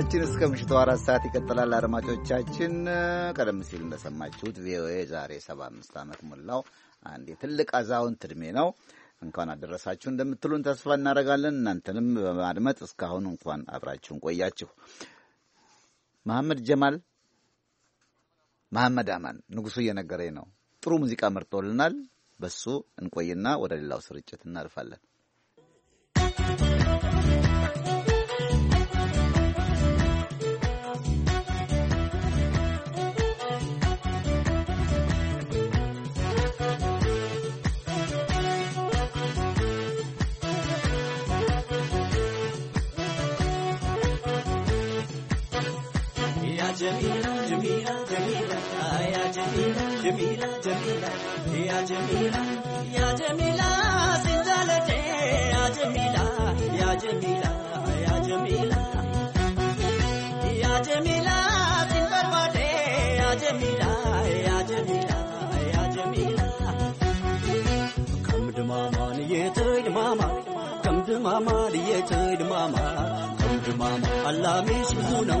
ፕሮግራማችን እስከ ምሽቱ አራት ሰዓት ይቀጥላል። አድማጮቻችን፣ ቀደም ሲል እንደሰማችሁት ቪኦኤ ዛሬ ሰባ አምስት ዓመት ሞላው። አንድ የትልቅ አዛውንት ዕድሜ ነው። እንኳን አደረሳችሁ እንደምትሉን ተስፋ እናደርጋለን። እናንተንም በማድመጥ እስካሁን እንኳን አብራችሁን ቆያችሁ። መሐመድ ጀማል መሐመድ አማን ንጉሱ እየነገረኝ ነው። ጥሩ ሙዚቃ መርጦልናል። በሱ እንቆይና ወደ ሌላው ስርጭት እናልፋለን። Jamila, Jamila, Jamila, Aya Jamila, Jamila, Jamila, Ya Jamila, Ya Jamila, Sinjalate, Ya Jamila, Ya Jamila, Ya Jamila, Ya Jamila, Sinjalate, Ya Jamila. ድማማ ልየት ድማማ ከም አላሜሽ ብዙ ነው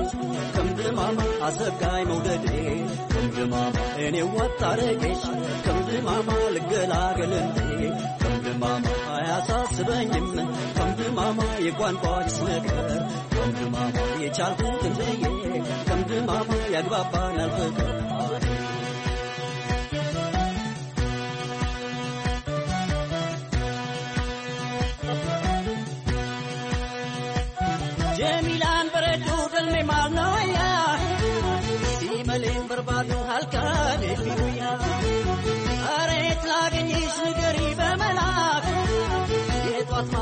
ከም ድማማ አሰጋይ መውደዴ ከም ድማማ እኔ ወጣረቄሽ ከም ድማማ ልገላገልልዴ ከም ድማማ አያሳስበኝም ከም ድማማ የቋንቋች ነገር ከም ድማማ የቻልኩትን ብዬ ከም ድማማ ያግባባናል ፍቅር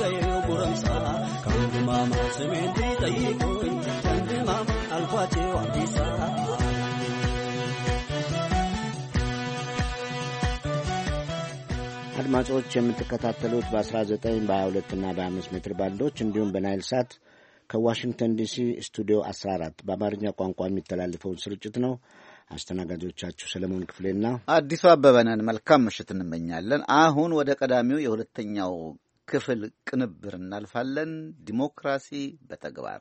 ከየው ጎረምሳ ስሜ እንዲጠይቁኝ አልኳቸው አድማጮች የምትከታተሉት በ19 በ22 እና በ25 ሜትር ባንዶች እንዲሁም በናይል ሳት ከዋሽንግተን ዲሲ ስቱዲዮ 14 በአማርኛ ቋንቋ የሚተላለፈውን ስርጭት ነው። አስተናጋጆቻችሁ ሰለሞን ክፍሌና አዲሱ አበበ ነን። መልካም ምሽት እንመኛለን። አሁን ወደ ቀዳሚው የሁለተኛው ክፍል ቅንብር እናልፋለን። ዲሞክራሲ በተግባር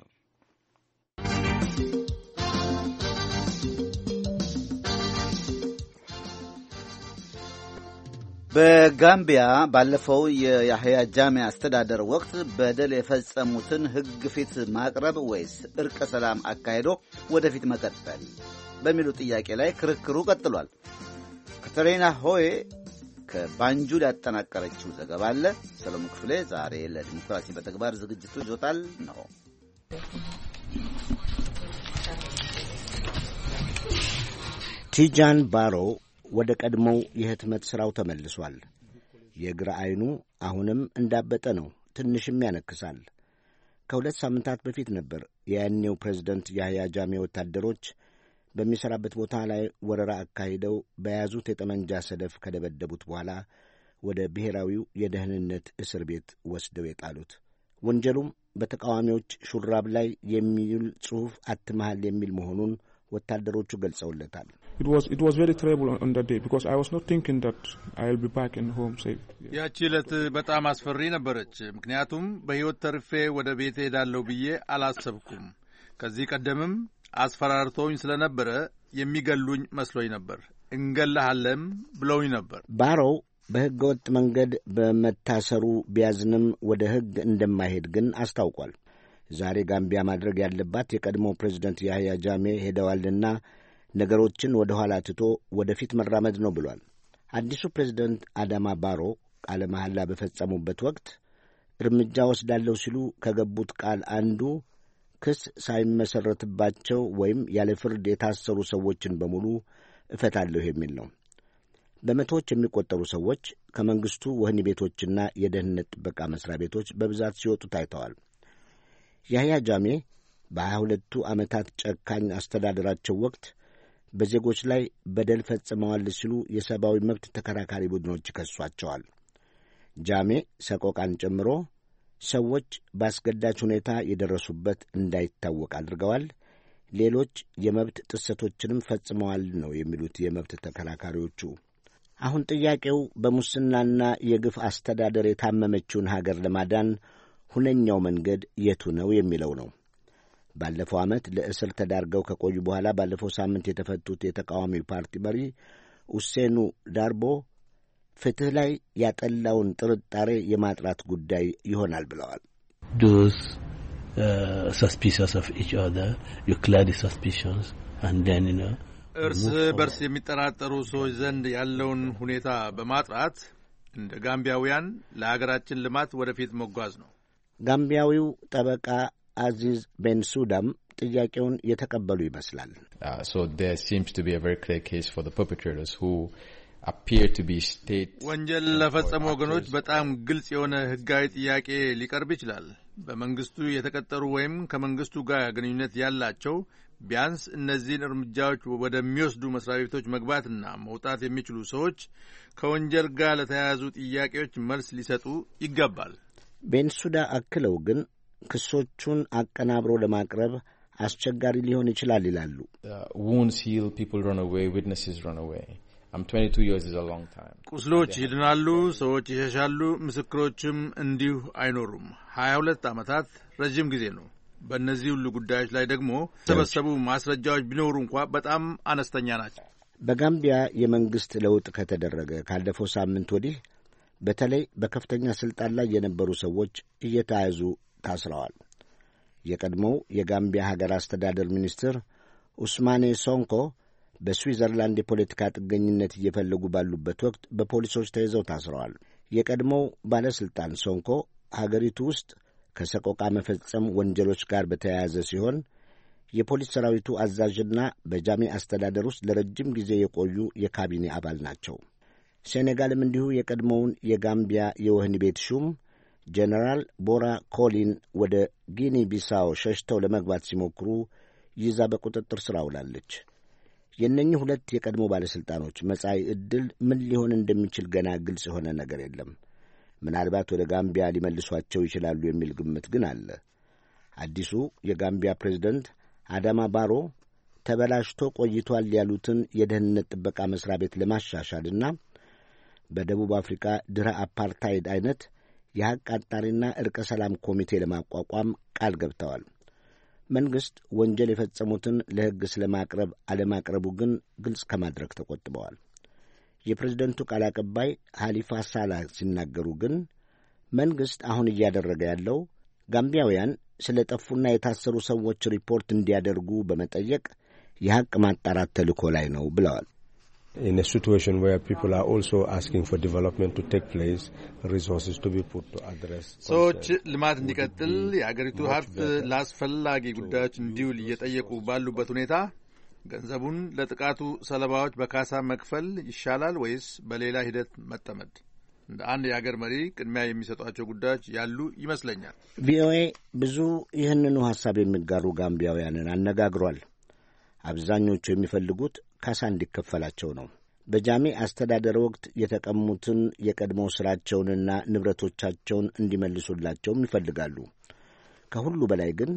በጋምቢያ ባለፈው የያህያ ጃሜ አስተዳደር ወቅት በደል የፈጸሙትን ሕግ ፊት ማቅረብ ወይስ እርቀ ሰላም አካሂዶ ወደፊት መቀጠል በሚሉ ጥያቄ ላይ ክርክሩ ቀጥሏል። ከተሪና ሆዬ ከባንጁል ያጠናቀረችው ዘገባ አለ። ሰለሞን ክፍሌ ዛሬ ለዲሞክራሲ በተግባር ዝግጅቱ ይዞታል ነው። ቲጃን ባሮ ወደ ቀድሞው የህትመት ሥራው ተመልሷል። የግራ ዐይኑ አሁንም እንዳበጠ ነው፣ ትንሽም ያነክሳል። ከሁለት ሳምንታት በፊት ነበር የያኔው ፕሬዝደንት ያህያ ጃሜ ወታደሮች በሚሠራበት ቦታ ላይ ወረራ አካሂደው በያዙት የጠመንጃ ሰደፍ ከደበደቡት በኋላ ወደ ብሔራዊው የደህንነት እስር ቤት ወስደው የጣሉት ወንጀሉም በተቃዋሚዎች ሹራብ ላይ የሚውል ጽሑፍ አትመሃል የሚል መሆኑን ወታደሮቹ ገልጸውለታል። ያቺ ዕለት በጣም አስፈሪ ነበረች። ምክንያቱም በሕይወት ተርፌ ወደ ቤት ሄዳለሁ ብዬ አላሰብኩም። ከዚህ ቀደምም አስፈራርተውኝ ስለነበረ የሚገሉኝ መስሎኝ ነበር። እንገላሃለም ብለውኝ ነበር። ባሮው በሕገ ወጥ መንገድ በመታሰሩ ቢያዝንም ወደ ሕግ እንደማይሄድ ግን አስታውቋል። ዛሬ ጋምቢያ ማድረግ ያለባት የቀድሞ ፕሬዚደንት ያህያ ጃሜ ሄደዋልና ነገሮችን ወደ ኋላ ትቶ ወደፊት መራመድ ነው ብሏል። አዲሱ ፕሬዚደንት አዳማ ባሮ ቃለ መሐላ በፈጸሙበት ወቅት እርምጃ ወስዳለሁ ሲሉ ከገቡት ቃል አንዱ ክስ ሳይመሠረትባቸው ወይም ያለ ፍርድ የታሰሩ ሰዎችን በሙሉ እፈታለሁ የሚል ነው። በመቶዎች የሚቆጠሩ ሰዎች ከመንግሥቱ ወህኒ ቤቶችና የደህንነት ጥበቃ መሥሪያ ቤቶች በብዛት ሲወጡ ታይተዋል። ያህያ ጃሜ በሀያ ሁለቱ ዓመታት ጨካኝ አስተዳደራቸው ወቅት በዜጎች ላይ በደል ፈጽመዋል ሲሉ የሰብአዊ መብት ተከራካሪ ቡድኖች ይከሷቸዋል። ጃሜ ሰቆቃን ጨምሮ ሰዎች በአስገዳጅ ሁኔታ የደረሱበት እንዳይታወቅ አድርገዋል። ሌሎች የመብት ጥሰቶችንም ፈጽመዋል ነው የሚሉት የመብት ተከራካሪዎቹ። አሁን ጥያቄው በሙስናና የግፍ አስተዳደር የታመመችውን ሀገር ለማዳን ሁነኛው መንገድ የቱ ነው የሚለው ነው። ባለፈው ዓመት ለእስር ተዳርገው ከቆዩ በኋላ ባለፈው ሳምንት የተፈቱት የተቃዋሚው ፓርቲ መሪ ኡሴኑ ዳርቦ ፍትህ ላይ ያጠላውን ጥርጣሬ የማጥራት ጉዳይ ይሆናል ብለዋል። uh, እርስ በርስ የሚጠራጠሩ ሰዎች ዘንድ ያለውን ሁኔታ በማጥራት እንደ ጋምቢያውያን ለሀገራችን ልማት ወደፊት መጓዝ ነው። ጋምቢያዊው ጠበቃ አዚዝ ቤንሱዳም ጥያቄውን የተቀበሉ ይመስላል። uh, ወንጀል ለፈጸሙ ወገኖች በጣም ግልጽ የሆነ ሕጋዊ ጥያቄ ሊቀርብ ይችላል። በመንግስቱ የተቀጠሩ ወይም ከመንግስቱ ጋር ግንኙነት ያላቸው ቢያንስ እነዚህን እርምጃዎች ወደሚወስዱ መስሪያ ቤቶች መግባትና መውጣት የሚችሉ ሰዎች ከወንጀል ጋር ለተያያዙ ጥያቄዎች መልስ ሊሰጡ ይገባል። ቤንሱዳ አክለው ግን ክሶቹን አቀናብሮ ለማቅረብ አስቸጋሪ ሊሆን ይችላል ይላሉ። ቁስሎች ይድናሉ፣ ሰዎች ይሸሻሉ፣ ምስክሮችም እንዲሁ አይኖሩም። ሀያ ሁለት ዓመታት ረዥም ጊዜ ነው። በእነዚህ ሁሉ ጉዳዮች ላይ ደግሞ የተሰበሰቡ ማስረጃዎች ቢኖሩ እንኳ በጣም አነስተኛ ናቸው። በጋምቢያ የመንግሥት ለውጥ ከተደረገ ካለፈው ሳምንት ወዲህ በተለይ በከፍተኛ ሥልጣን ላይ የነበሩ ሰዎች እየተያዙ ታስረዋል። የቀድሞው የጋምቢያ ሀገር አስተዳደር ሚኒስትር ኡስማኔ ሶንኮ በስዊዘርላንድ የፖለቲካ ጥገኝነት እየፈለጉ ባሉበት ወቅት በፖሊሶች ተይዘው ታስረዋል። የቀድሞው ባለሥልጣን ሶንኮ ሀገሪቱ ውስጥ ከሰቆቃ መፈጸም ወንጀሎች ጋር በተያያዘ ሲሆን የፖሊስ ሰራዊቱ አዛዥና በጃሚ አስተዳደር ውስጥ ለረጅም ጊዜ የቆዩ የካቢኔ አባል ናቸው። ሴኔጋልም እንዲሁ የቀድሞውን የጋምቢያ የወህኒ ቤት ሹም ጄኔራል ቦራ ኮሊን ወደ ጊኒ ቢሳው ሸሽተው ለመግባት ሲሞክሩ ይዛ በቁጥጥር ስር አውላለች። የእነኚህ ሁለት የቀድሞ ባለሥልጣኖች መጻኢ ዕድል ምን ሊሆን እንደሚችል ገና ግልጽ የሆነ ነገር የለም። ምናልባት ወደ ጋምቢያ ሊመልሷቸው ይችላሉ የሚል ግምት ግን አለ። አዲሱ የጋምቢያ ፕሬዚደንት አዳማ ባሮ ተበላሽቶ ቆይቷል ያሉትን የደህንነት ጥበቃ መሥሪያ ቤት ለማሻሻልና በደቡብ አፍሪካ ድረ አፓርታይድ አይነት የሐቅ አጣሪና ዕርቀ ሰላም ኮሚቴ ለማቋቋም ቃል ገብተዋል። መንግሥት ወንጀል የፈጸሙትን ለሕግ ስለማቅረብ አለማቅረቡ ግን ግልጽ ከማድረግ ተቆጥበዋል። የፕሬዝደንቱ ቃል አቀባይ ሐሊፋ ሳላ ሲናገሩ ግን መንግሥት አሁን እያደረገ ያለው ጋምቢያውያን ስለ ጠፉና የታሰሩ ሰዎች ሪፖርት እንዲያደርጉ በመጠየቅ የሐቅ ማጣራት ተልእኮ ላይ ነው ብለዋል። ሰዎች ልማት እንዲቀጥል የአገሪቱ ሀብት ለአስፈላጊ ጉዳዮች እንዲውል እየጠየቁ ባሉበት ሁኔታ ገንዘቡን ለጥቃቱ ሰለባዎች በካሳ መክፈል ይሻላል ወይስ በሌላ ሂደት መጠመድ? እንደ አንድ የአገር መሪ ቅድሚያ የሚሰጧቸው ጉዳዮች ያሉ ይመስለኛል። ቪኦኤ ብዙ ይህንኑ ሀሳብ የሚጋሩ ጋምቢያውያንን አነጋግሯል። አብዛኞቹ የሚፈልጉት ካሳ እንዲከፈላቸው ነው። በጃሜ አስተዳደር ወቅት የተቀሙትን የቀድሞ ሥራቸውንና ንብረቶቻቸውን እንዲመልሱላቸውም ይፈልጋሉ። ከሁሉ በላይ ግን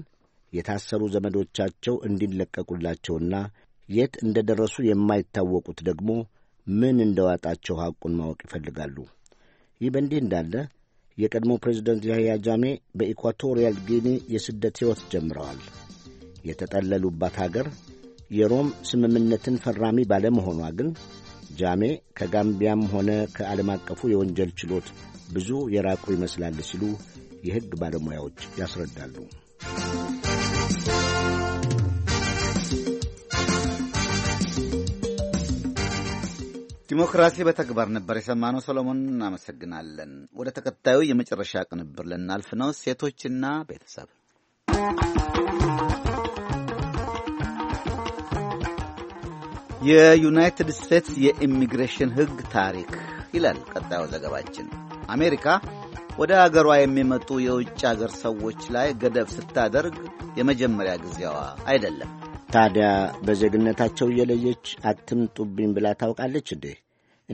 የታሰሩ ዘመዶቻቸው እንዲለቀቁላቸውና የት እንደ ደረሱ የማይታወቁት ደግሞ ምን እንደዋጣቸው ሐቁን ማወቅ ይፈልጋሉ። ይህ በእንዲህ እንዳለ የቀድሞ ፕሬዚደንት ያህያ ጃሜ በኢኳቶሪያል ጊኒ የስደት ሕይወት ጀምረዋል። የተጠለሉባት አገር የሮም ስምምነትን ፈራሚ ባለመሆኗ ግን ጃሜ ከጋምቢያም ሆነ ከዓለም አቀፉ የወንጀል ችሎት ብዙ የራቁ ይመስላል ሲሉ የሕግ ባለሙያዎች ያስረዳሉ። ዲሞክራሲ በተግባር ነበር የሰማነው። ሰሎሞን እናመሰግናለን። ወደ ተከታዩ የመጨረሻ ቅንብር ልናልፍ ነው። ሴቶችና ቤተሰብ የዩናይትድ ስቴትስ የኢሚግሬሽን ሕግ ታሪክ ይላል ቀጣዩ ዘገባችን። አሜሪካ ወደ አገሯ የሚመጡ የውጭ አገር ሰዎች ላይ ገደብ ስታደርግ የመጀመሪያ ጊዜዋ አይደለም። ታዲያ በዜግነታቸው እየለየች አትምጡብኝ ብላ ታውቃለች እንዴ?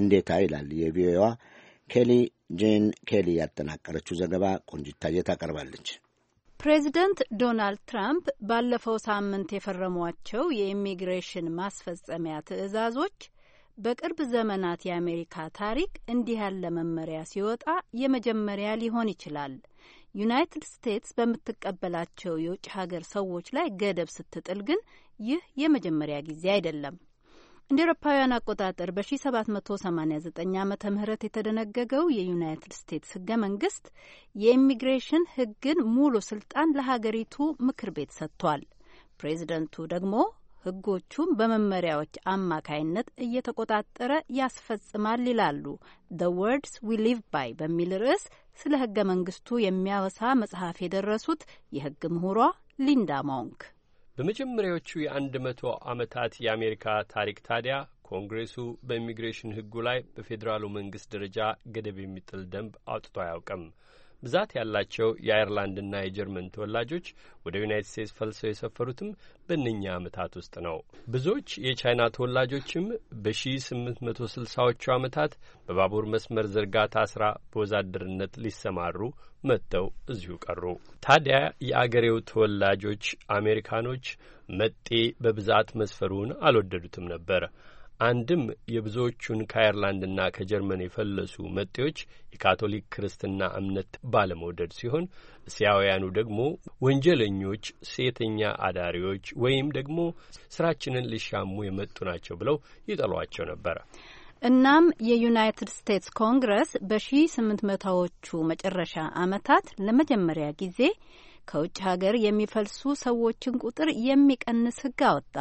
እንዴታ ይላል የቪኦኤዋ ኬሊ ጄን ኬሊ ያጠናቀረችው ዘገባ ቆንጅታየ ታቀርባለች። ፕሬዚደንት ዶናልድ ትራምፕ ባለፈው ሳምንት የፈረሟቸው የኢሚግሬሽን ማስፈጸሚያ ትዕዛዞች በቅርብ ዘመናት የአሜሪካ ታሪክ እንዲህ ያለ መመሪያ ሲወጣ የመጀመሪያ ሊሆን ይችላል። ዩናይትድ ስቴትስ በምትቀበላቸው የውጭ ሀገር ሰዎች ላይ ገደብ ስትጥል ግን ይህ የመጀመሪያ ጊዜ አይደለም። እንደ ኤሮፓውያን አቆጣጠር በ1789 ዓ ም የተደነገገው የዩናይትድ ስቴትስ ህገ መንግስት የኢሚግሬሽን ህግን ሙሉ ስልጣን ለሀገሪቱ ምክር ቤት ሰጥቷል። ፕሬዚደንቱ ደግሞ ህጎቹም በመመሪያዎች አማካይነት እየተቆጣጠረ ያስፈጽማል ይላሉ ዘ ወርድስ ዊ ሊቭ ባይ በሚል ርዕስ ስለ ህገ መንግስቱ የሚያወሳ መጽሐፍ የደረሱት የህግ ምሁሯ ሊንዳ ሞንክ በመጀመሪያዎቹ የአንድ መቶ ዓመታት የአሜሪካ ታሪክ ታዲያ ኮንግሬሱ በኢሚግሬሽን ሕጉ ላይ በፌዴራሉ መንግስት ደረጃ ገደብ የሚጥል ደንብ አውጥቶ አያውቅም። ብዛት ያላቸው የአይርላንድና የጀርመን ተወላጆች ወደ ዩናይትድ ስቴትስ ፈልሰው የሰፈሩትም በእነኛ ዓመታት ውስጥ ነው። ብዙዎች የቻይና ተወላጆችም በ1860ዎቹ ዓመታት በባቡር መስመር ዝርጋታ ስራ በወዛደርነት ሊሰማሩ መጥተው እዚሁ ቀሩ። ታዲያ የአገሬው ተወላጆች አሜሪካኖች መጤ በብዛት መስፈሩን አልወደዱትም ነበር። አንድም የብዙዎቹን ከአይርላንድና ከጀርመን የፈለሱ መጤዎች የካቶሊክ ክርስትና እምነት ባለመውደድ ሲሆን እስያውያኑ ደግሞ ወንጀለኞች፣ ሴተኛ አዳሪዎች ወይም ደግሞ ስራችንን ሊሻሙ የመጡ ናቸው ብለው ይጠሏቸው ነበረ። እናም የዩናይትድ ስቴትስ ኮንግረስ በሺ ስምንት ዎቹ መጨረሻ አመታት ለመጀመሪያ ጊዜ ከውጭ ሀገር የሚፈልሱ ሰዎችን ቁጥር የሚቀንስ ህግ አወጣ።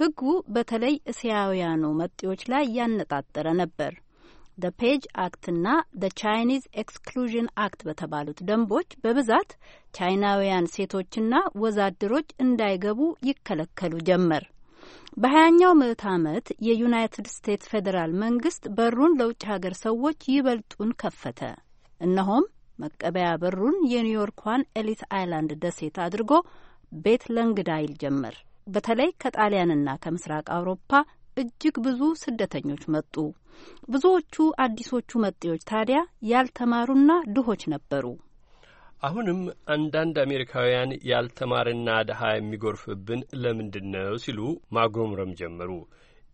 ህጉ በተለይ እስያውያኑ መጤዎች ላይ ያነጣጠረ ነበር። ደ ፔጅ አክትና ደ ቻይኒዝ ኤክስክሉዥን አክት በተባሉት ደንቦች በብዛት ቻይናውያን ሴቶችና ወዛድሮች እንዳይገቡ ይከለከሉ ጀመር። በሀያኛው ምዕት ዓመት የዩናይትድ ስቴትስ ፌዴራል መንግስት በሩን ለውጭ ሀገር ሰዎች ይበልጡን ከፈተ። እነሆም መቀበያ በሩን የኒውዮርኳን ኤሊስ አይላንድ ደሴት አድርጎ ቤት ለእንግዳ ይል ጀመር። በተለይ ከጣሊያንና ከምስራቅ አውሮፓ እጅግ ብዙ ስደተኞች መጡ። ብዙዎቹ አዲሶቹ መጤዎች ታዲያ ያልተማሩና ድሆች ነበሩ። አሁንም አንዳንድ አሜሪካውያን ያልተማርና ድሀ የሚጎርፍብን ለምንድን ነው ሲሉ ማጎምረም ጀመሩ።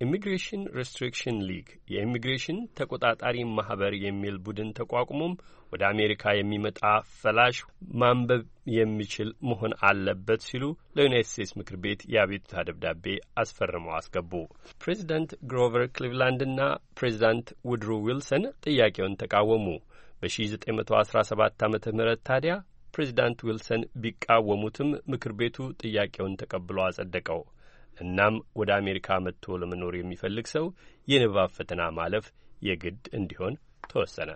ኢሚግሬሽን ሬስትሪክሽን ሊግ የኢሚግሬሽን ተቆጣጣሪ ማህበር የሚል ቡድን ተቋቁሞም ወደ አሜሪካ የሚመጣ ፈላሽ ማንበብ የሚችል መሆን አለበት ሲሉ ለዩናይት ስቴትስ ምክር ቤት የአቤቱታ ደብዳቤ አስፈርመው አስገቡ። ፕሬዚዳንት ግሮቨር ክሊቭላንድና ፕሬዚዳንት ውድሮ ዊልሰን ጥያቄውን ተቃወሙ። በ1917 ዓ ም ታዲያ ፕሬዚዳንት ዊልሰን ቢቃወሙትም ምክር ቤቱ ጥያቄውን ተቀብሎ አጸደቀው። እናም ወደ አሜሪካ መጥቶ ለመኖር የሚፈልግ ሰው የንባብ ፈተና ማለፍ የግድ እንዲሆን ተወሰነ።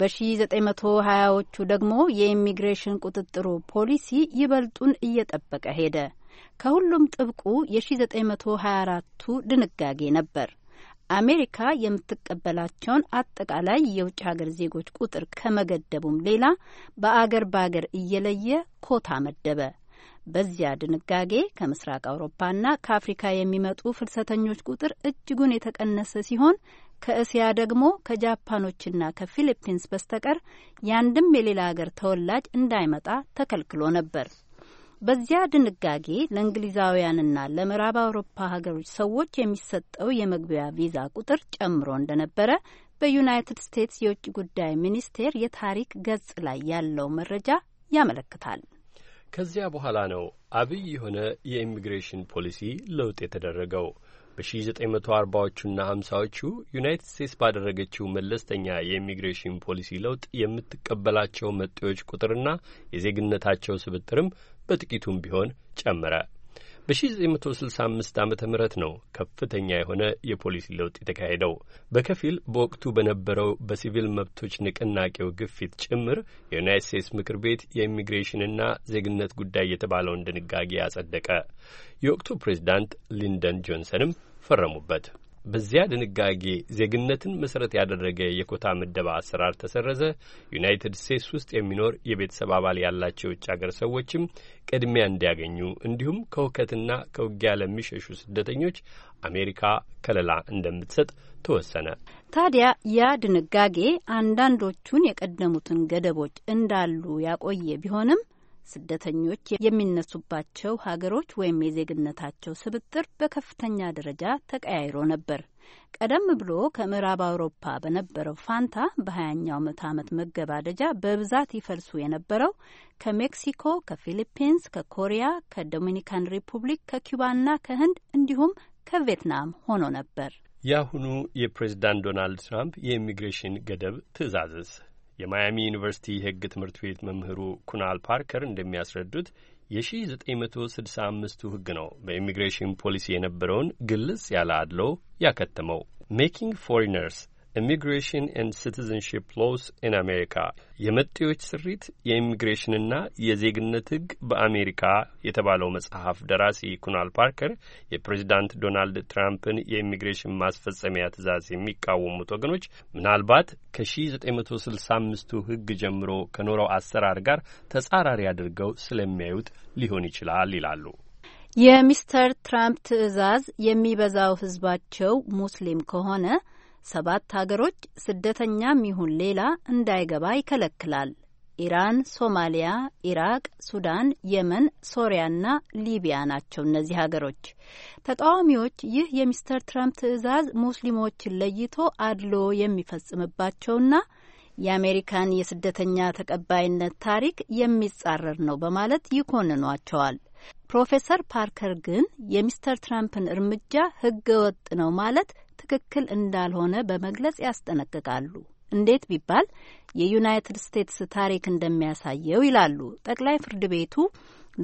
በ1920ዎቹ ደግሞ የኢሚግሬሽን ቁጥጥሩ ፖሊሲ ይበልጡን እየጠበቀ ሄደ። ከሁሉም ጥብቁ የ1924ቱ ድንጋጌ ነበር። አሜሪካ የምትቀበላቸውን አጠቃላይ የውጭ ሀገር ዜጎች ቁጥር ከመገደቡም ሌላ በአገር በአገር እየለየ ኮታ መደበ። በዚያ ድንጋጌ ከምስራቅ አውሮፓና ከአፍሪካ የሚመጡ ፍልሰተኞች ቁጥር እጅጉን የተቀነሰ ሲሆን ከእስያ ደግሞ ከጃፓኖችና ከፊሊፒንስ በስተቀር ያንድም የሌላ ሀገር ተወላጅ እንዳይመጣ ተከልክሎ ነበር። በዚያ ድንጋጌ ለእንግሊዛውያንና ለምዕራብ አውሮፓ ሀገሮች ሰዎች የሚሰጠው የመግቢያ ቪዛ ቁጥር ጨምሮ እንደነበረ በዩናይትድ ስቴትስ የውጭ ጉዳይ ሚኒስቴር የታሪክ ገጽ ላይ ያለው መረጃ ያመለክታል። ከዚያ በኋላ ነው አብይ የሆነ የኢሚግሬሽን ፖሊሲ ለውጥ የተደረገው። በ1940ዎቹና 50ዎቹ ዩናይትድ ስቴትስ ባደረገችው መለስተኛ የኢሚግሬሽን ፖሊሲ ለውጥ የምትቀበላቸው መጤዎች ቁጥርና የዜግነታቸው ስብጥርም በጥቂቱም ቢሆን ጨመረ። በ1965 ዓ ም ነው ከፍተኛ የሆነ የፖሊሲ ለውጥ የተካሄደው። በከፊል በወቅቱ በነበረው በሲቪል መብቶች ንቅናቄው ግፊት ጭምር የዩናይት ስቴትስ ምክር ቤት የኢሚግሬሽንና ዜግነት ጉዳይ የተባለውን ድንጋጌ አጸደቀ። የወቅቱ ፕሬዚዳንት ሊንደን ጆንሰንም ፈረሙበት። በዚያ ድንጋጌ ዜግነትን መሰረት ያደረገ የኮታ ምደባ አሰራር ተሰረዘ። ዩናይትድ ስቴትስ ውስጥ የሚኖር የቤተሰብ አባል ያላቸው የውጭ አገር ሰዎችም ቅድሚያ እንዲያገኙ እንዲሁም ከሁከትና ከውጊያ ለሚሸሹ ስደተኞች አሜሪካ ከለላ እንደምትሰጥ ተወሰነ። ታዲያ ያ ድንጋጌ አንዳንዶቹን የቀደሙትን ገደቦች እንዳሉ ያቆየ ቢሆንም ስደተኞች የሚነሱባቸው ሀገሮች ወይም የዜግነታቸው ስብጥር በከፍተኛ ደረጃ ተቀያይሮ ነበር። ቀደም ብሎ ከምዕራብ አውሮፓ በነበረው ፋንታ በሀያኛው ምዕተ ዓመት መገባደጃ በብዛት ይፈልሱ የነበረው ከሜክሲኮ፣ ከፊሊፒንስ፣ ከኮሪያ፣ ከዶሚኒካን ሪፑብሊክ፣ ከኪውባና ከህንድ እንዲሁም ከቪየትናም ሆኖ ነበር። የአሁኑ የፕሬዝዳንት ዶናልድ ትራምፕ የኢሚግሬሽን ገደብ ትእዛዝስ የማያሚ ዩኒቨርሲቲ የህግ ትምህርት ቤት መምህሩ ኩናል ፓርከር እንደሚያስረዱት የ1965ቱ ህግ ነው በኢሚግሬሽን ፖሊሲ የነበረውን ግልጽ ያለ አድሎ ያከተመው። ሜኪንግ ፎሪነርስ ኢሚግሬሽን ኤንድ ሲቲዝንሽፕ ሎስ ኢን አሜሪካ የመጤዎች ስሪት የኢሚግሬሽንና የዜግነት ሕግ በአሜሪካ የተባለው መጽሐፍ ደራሲ ኩናል ፓርከር የፕሬዚዳንት ዶናልድ ትራምፕን የኢሚግሬሽን ማስፈጸሚያ ትዕዛዝ የሚቃወሙት ወገኖች ምናልባት ከ1965ቱ ሕግ ጀምሮ ከኖረው አሰራር ጋር ተጻራሪ አድርገው ስለሚያዩት ሊሆን ይችላል ይላሉ። የሚስተር ትራምፕ ትዕዛዝ የሚበዛው ሕዝባቸው ሙስሊም ከሆነ ሰባት ሀገሮች ስደተኛም ይሁን ሌላ እንዳይገባ ይከለክላል። ኢራን፣ ሶማሊያ፣ ኢራቅ፣ ሱዳን፣ የመን፣ ሶሪያና ሊቢያ ናቸው እነዚህ ሀገሮች። ተቃዋሚዎች ይህ የሚስተር ትራምፕ ትዕዛዝ ሙስሊሞችን ለይቶ አድሎ የሚፈጽምባቸውና የአሜሪካን የስደተኛ ተቀባይነት ታሪክ የሚጻረር ነው በማለት ይኮንኗቸዋል። ፕሮፌሰር ፓርከር ግን የሚስተር ትራምፕን እርምጃ ህገ ወጥ ነው ማለት ትክክል እንዳልሆነ በመግለጽ ያስጠነቅቃሉ። እንዴት ቢባል የዩናይትድ ስቴትስ ታሪክ እንደሚያሳየው ይላሉ። ጠቅላይ ፍርድ ቤቱ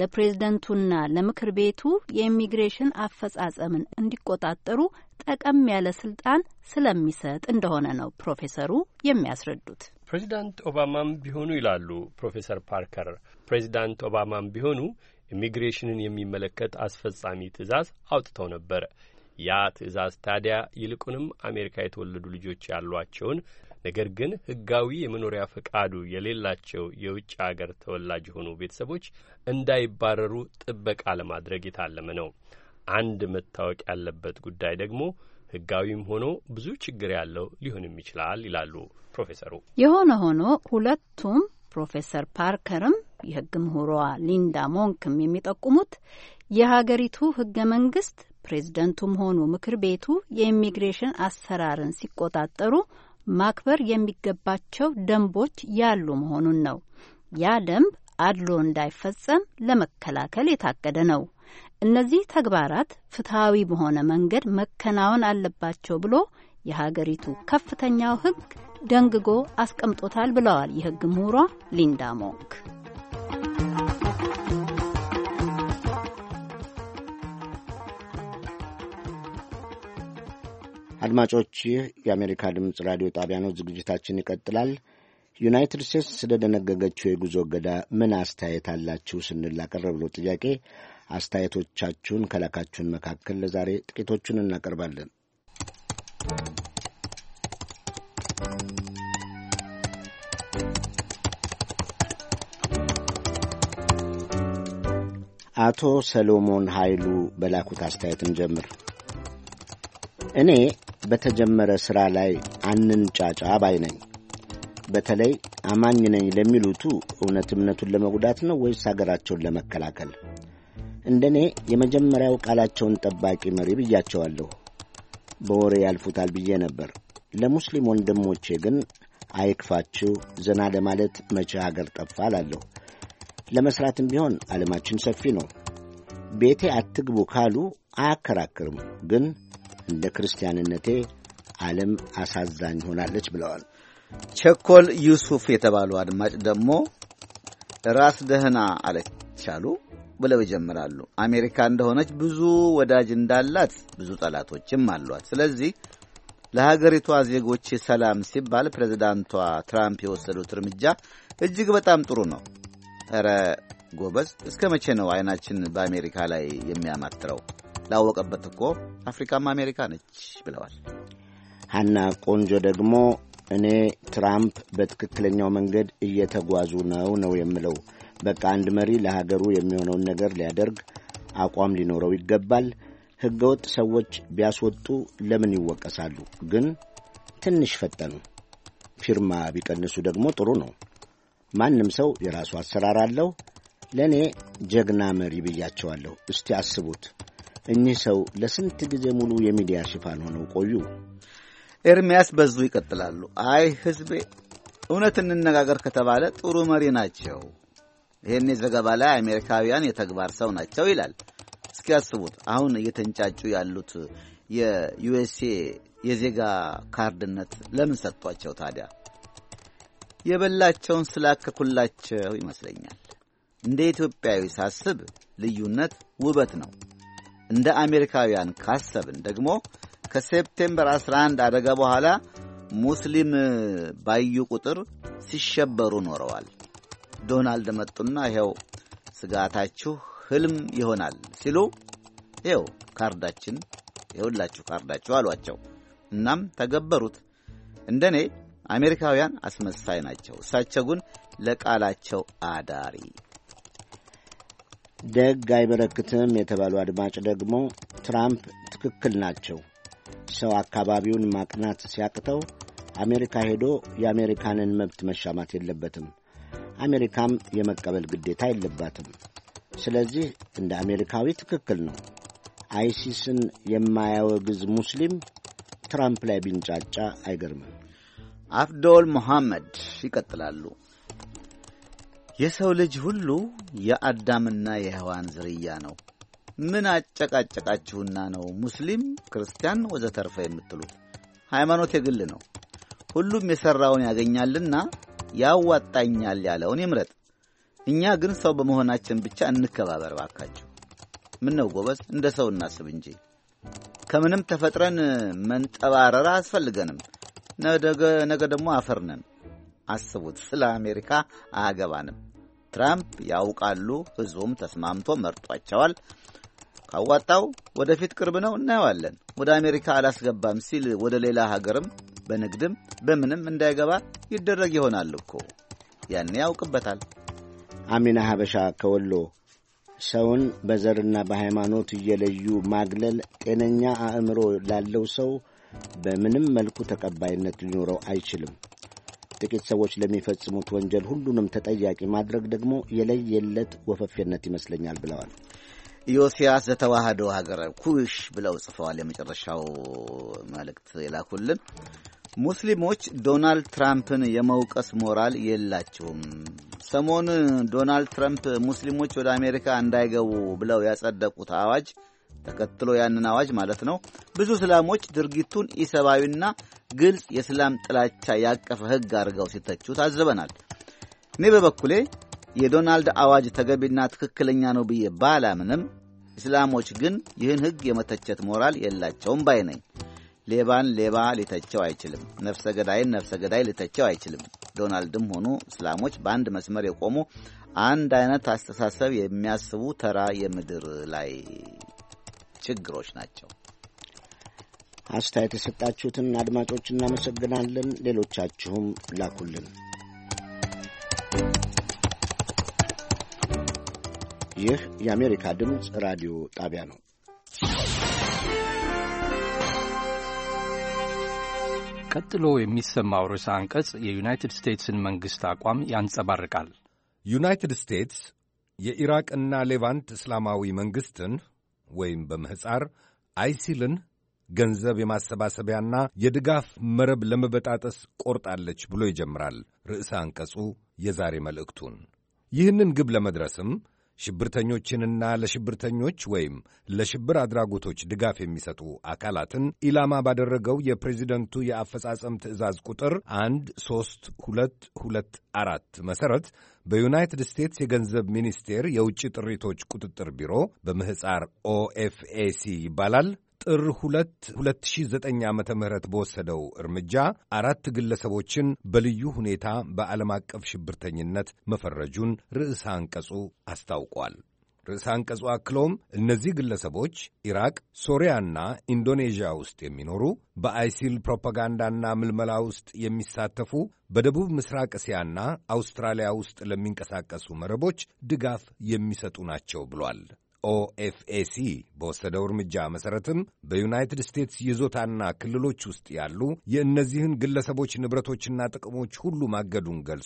ለፕሬዝደንቱና ለምክር ቤቱ የኢሚግሬሽን አፈጻጸምን እንዲቆጣጠሩ ጠቀም ያለ ስልጣን ስለሚሰጥ እንደሆነ ነው ፕሮፌሰሩ የሚያስረዱት። ፕሬዚዳንት ኦባማም ቢሆኑ ይላሉ ፕሮፌሰር ፓርከር ፕሬዚዳንት ኦባማም ቢሆኑ ኢሚግሬሽንን የሚመለከት አስፈጻሚ ትዕዛዝ አውጥተው ነበር። ያ ትዕዛዝ ታዲያ ይልቁንም አሜሪካ የተወለዱ ልጆች ያሏቸውን ነገር ግን ሕጋዊ የመኖሪያ ፈቃዱ የሌላቸው የውጭ አገር ተወላጅ የሆኑ ቤተሰቦች እንዳይባረሩ ጥበቃ ለማድረግ የታለመ ነው። አንድ መታወቅ ያለበት ጉዳይ ደግሞ ሕጋዊም ሆኖ ብዙ ችግር ያለው ሊሆንም ይችላል ይላሉ ፕሮፌሰሩ። የሆነ ሆኖ ሁለቱም ፕሮፌሰር ፓርከርም የህግ ምሁሯ ሊንዳ ሞንክም የሚጠቁሙት የሀገሪቱ ህገ መንግስት ፕሬዝደንቱም ሆኑ ምክር ቤቱ የኢሚግሬሽን አሰራርን ሲቆጣጠሩ ማክበር የሚገባቸው ደንቦች ያሉ መሆኑን ነው። ያ ደንብ አድሎ እንዳይፈጸም ለመከላከል የታቀደ ነው። እነዚህ ተግባራት ፍትሐዊ በሆነ መንገድ መከናወን አለባቸው ብሎ የሀገሪቱ ከፍተኛው ሕግ ደንግጎ አስቀምጦታል ብለዋል የሕግ ምሁሯ ሊንዳ ሞንክ። አድማጮች፣ ይህ የአሜሪካ ድምፅ ራዲዮ ጣቢያ ነው። ዝግጅታችን ይቀጥላል። ዩናይትድ ስቴትስ ስለደነገገችው የጉዞ እገዳ ምን አስተያየት አላችሁ ስንል ላቀረብነው ጥያቄ አስተያየቶቻችሁን ከላካችሁን መካከል ለዛሬ ጥቂቶቹን እናቀርባለን። አቶ ሰሎሞን ኃይሉ በላኩት አስተያየትን ጀምር። እኔ በተጀመረ ሥራ ላይ አንንጫጫ ባይ ነኝ። በተለይ አማኝ ነኝ ለሚሉቱ እውነት እምነቱን ለመጉዳት ነው ወይስ አገራቸውን ለመከላከል? እንደ እኔ የመጀመሪያው ቃላቸውን ጠባቂ መሪ ብያቸዋለሁ። በወሬ ያልፉታል ብዬ ነበር። ለሙስሊም ወንድሞቼ ግን አይክፋችሁ፣ ዘና ለማለት መቼ አገር ጠፋ አላለሁ። ለመስራትም ቢሆን ዓለማችን ሰፊ ነው። ቤቴ አትግቡ ካሉ አያከራክርም፣ ግን እንደ ክርስቲያንነቴ ዓለም አሳዛኝ ሆናለች ብለዋል። ቸኮል ዩሱፍ የተባሉ አድማጭ ደግሞ ራስ ደህና አለቻሉ ብለው ይጀምራሉ። አሜሪካ እንደሆነች ብዙ ወዳጅ እንዳላት ብዙ ጠላቶችም አሏት። ስለዚህ ለሀገሪቷ ዜጎች ሰላም ሲባል ፕሬዚዳንቷ ትራምፕ የወሰዱት እርምጃ እጅግ በጣም ጥሩ ነው። ኧረ ጎበዝ፣ እስከ መቼ ነው አይናችን በአሜሪካ ላይ የሚያማትረው? ላወቀበት እኮ አፍሪካም አሜሪካ ነች ብለዋል። ሀና ቆንጆ ደግሞ እኔ ትራምፕ በትክክለኛው መንገድ እየተጓዙ ነው ነው የምለው። በቃ አንድ መሪ ለሀገሩ የሚሆነውን ነገር ሊያደርግ አቋም ሊኖረው ይገባል። ሕገወጥ ሰዎች ቢያስወጡ ለምን ይወቀሳሉ? ግን ትንሽ ፈጠኑ። ፊርማ ቢቀንሱ ደግሞ ጥሩ ነው። ማንም ሰው የራሱ አሰራር አለው። ለእኔ ጀግና መሪ ብያቸዋለሁ። እስቲ አስቡት፣ እኚህ ሰው ለስንት ጊዜ ሙሉ የሚዲያ ሽፋን ሆነው ቆዩ። ኤርሚያስ በዙ ይቀጥላሉ። አይ ሕዝቤ፣ እውነት እንነጋገር ከተባለ ጥሩ መሪ ናቸው። ይህኔ ዘገባ ላይ አሜሪካውያን የተግባር ሰው ናቸው ይላል። እስኪ አስቡት አሁን እየተንጫጩ ያሉት የዩኤስኤ የዜጋ ካርድነት ለምን ሰጥቷቸው ታዲያ? የበላቸውን ስላከኩላቸው ይመስለኛል። እንደ ኢትዮጵያዊ ሳስብ ልዩነት ውበት ነው። እንደ አሜሪካውያን ካሰብን ደግሞ ከሴፕቴምበር 11 አደጋ በኋላ ሙስሊም ባዩ ቁጥር ሲሸበሩ ኖረዋል። ዶናልድ መጡና ይኸው ስጋታችሁ ህልም ይሆናል ሲሉ ይኸው ካርዳችን ይኸውላችሁ ካርዳችሁ አሏቸው። እናም ተገበሩት። እንደኔ አሜሪካውያን አስመሳይ ናቸው። እሳቸው ግን ለቃላቸው አዳሪ ደግ አይበረክትም የተባሉ አድማጭ ደግሞ ትራምፕ ትክክል ናቸው። ሰው አካባቢውን ማቅናት ሲያቅተው አሜሪካ ሄዶ የአሜሪካንን መብት መሻማት የለበትም። አሜሪካም የመቀበል ግዴታ የለባትም። ስለዚህ እንደ አሜሪካዊ ትክክል ነው። አይሲስን የማያወግዝ ሙስሊም ትራምፕ ላይ ቢንጫጫ አይገርምም። አፍዶል ሙሐመድ ይቀጥላሉ። የሰው ልጅ ሁሉ የአዳምና የሔዋን ዝርያ ነው። ምን አጨቃጨቃችሁና ነው ሙስሊም፣ ክርስቲያን ወዘተርፈ የምትሉት? ሃይማኖት የግል ነው። ሁሉም የሠራውን ያገኛልና ያዋጣኛል ያለውን ይምረጥ። እኛ ግን ሰው በመሆናችን ብቻ እንከባበር ባካችሁ። ምን ነው ጎበዝ፣ እንደ ሰው እናስብ እንጂ ከምንም ተፈጥረን መንጠባረር አያስፈልገንም። ነገ ደግሞ አፈርነን። አስቡት። ስለ አሜሪካ አያገባንም። ትራምፕ ያውቃሉ። ህዝቡም ተስማምቶ መርጧቸዋል። ካዋጣው ወደፊት ቅርብ ነው፣ እናየዋለን። ወደ አሜሪካ አላስገባም ሲል ወደ ሌላ ሀገርም በንግድም በምንም እንዳይገባ ይደረግ ይሆናል እኮ ያን ያውቅበታል። አሚና ሀበሻ ከወሎ ሰውን በዘርና በሃይማኖት እየለዩ ማግለል ጤነኛ አእምሮ ላለው ሰው በምንም መልኩ ተቀባይነት ሊኖረው አይችልም። ጥቂት ሰዎች ለሚፈጽሙት ወንጀል ሁሉንም ተጠያቂ ማድረግ ደግሞ የለየለት ወፈፌነት ይመስለኛል ብለዋል። ኢዮስያስ ዘተዋህዶ ሀገረ ኩሽ ብለው ጽፈዋል። የመጨረሻው መልእክት የላኩልን ሙስሊሞች ዶናልድ ትራምፕን የመውቀስ ሞራል የላቸውም። ሰሞን ዶናልድ ትራምፕ ሙስሊሞች ወደ አሜሪካ እንዳይገቡ ብለው ያጸደቁት አዋጅ ተከትሎ ያንን አዋጅ ማለት ነው ብዙ እስላሞች ድርጊቱን ኢሰብአዊና ግልጽ የእስላም ጥላቻ ያቀፈ ሕግ አድርገው ሲተቹ ታዝበናል። እኔ በበኩሌ የዶናልድ አዋጅ ተገቢና ትክክለኛ ነው ብዬ ባላምንም እስላሞች ግን ይህን ሕግ የመተቸት ሞራል የላቸውም ባይ ነኝ። ሌባን ሌባ ሊተቸው አይችልም። ነፍሰ ገዳይን ነፍሰ ገዳይ ሊተቸው አይችልም። ዶናልድም ሆኑ እስላሞች በአንድ መስመር የቆሙ አንድ አይነት አስተሳሰብ የሚያስቡ ተራ የምድር ላይ ችግሮች ናቸው። አስተያየት የሰጣችሁትን አድማጮች እናመሰግናለን። ሌሎቻችሁም ላኩልን። ይህ የአሜሪካ ድምፅ ራዲዮ ጣቢያ ነው። ቀጥሎ የሚሰማው ርዕሰ አንቀጽ የዩናይትድ ስቴትስን መንግሥት አቋም ያንጸባርቃል። ዩናይትድ ስቴትስ የኢራቅና ሌቫንት እስላማዊ መንግሥትን ወይም በምሕፃር አይሲልን ገንዘብ የማሰባሰቢያና የድጋፍ መረብ ለመበጣጠስ ቆርጣለች ብሎ ይጀምራል ርዕሰ አንቀጹ የዛሬ መልእክቱን። ይህንን ግብ ለመድረስም ሽብርተኞችንና ለሽብርተኞች ወይም ለሽብር አድራጎቶች ድጋፍ የሚሰጡ አካላትን ኢላማ ባደረገው የፕሬዚደንቱ የአፈጻጸም ትዕዛዝ ቁጥር 1 3 2 2 4 መሠረት በዩናይትድ ስቴትስ የገንዘብ ሚኒስቴር የውጭ ጥሪቶች ቁጥጥር ቢሮ በምህፃር ኦኤፍኤሲ ይባላል ጥር 2 2009 ዓ ም በወሰደው እርምጃ አራት ግለሰቦችን በልዩ ሁኔታ በዓለም አቀፍ ሽብርተኝነት መፈረጁን ርዕሰ አንቀጹ አስታውቋል። ርዕሰ አንቀጹ አክሎም እነዚህ ግለሰቦች ኢራቅ፣ ሶሪያና ኢንዶኔዥያ ውስጥ የሚኖሩ በአይሲል ፕሮፓጋንዳና ምልመላ ውስጥ የሚሳተፉ በደቡብ ምስራቅ እስያና አውስትራሊያ ውስጥ ለሚንቀሳቀሱ መረቦች ድጋፍ የሚሰጡ ናቸው ብሏል። ኦኤፍኤሲ በወሰደው እርምጃ መሠረትም በዩናይትድ ስቴትስ ይዞታና ክልሎች ውስጥ ያሉ የእነዚህን ግለሰቦች ንብረቶችና ጥቅሞች ሁሉ ማገዱን ገልጾ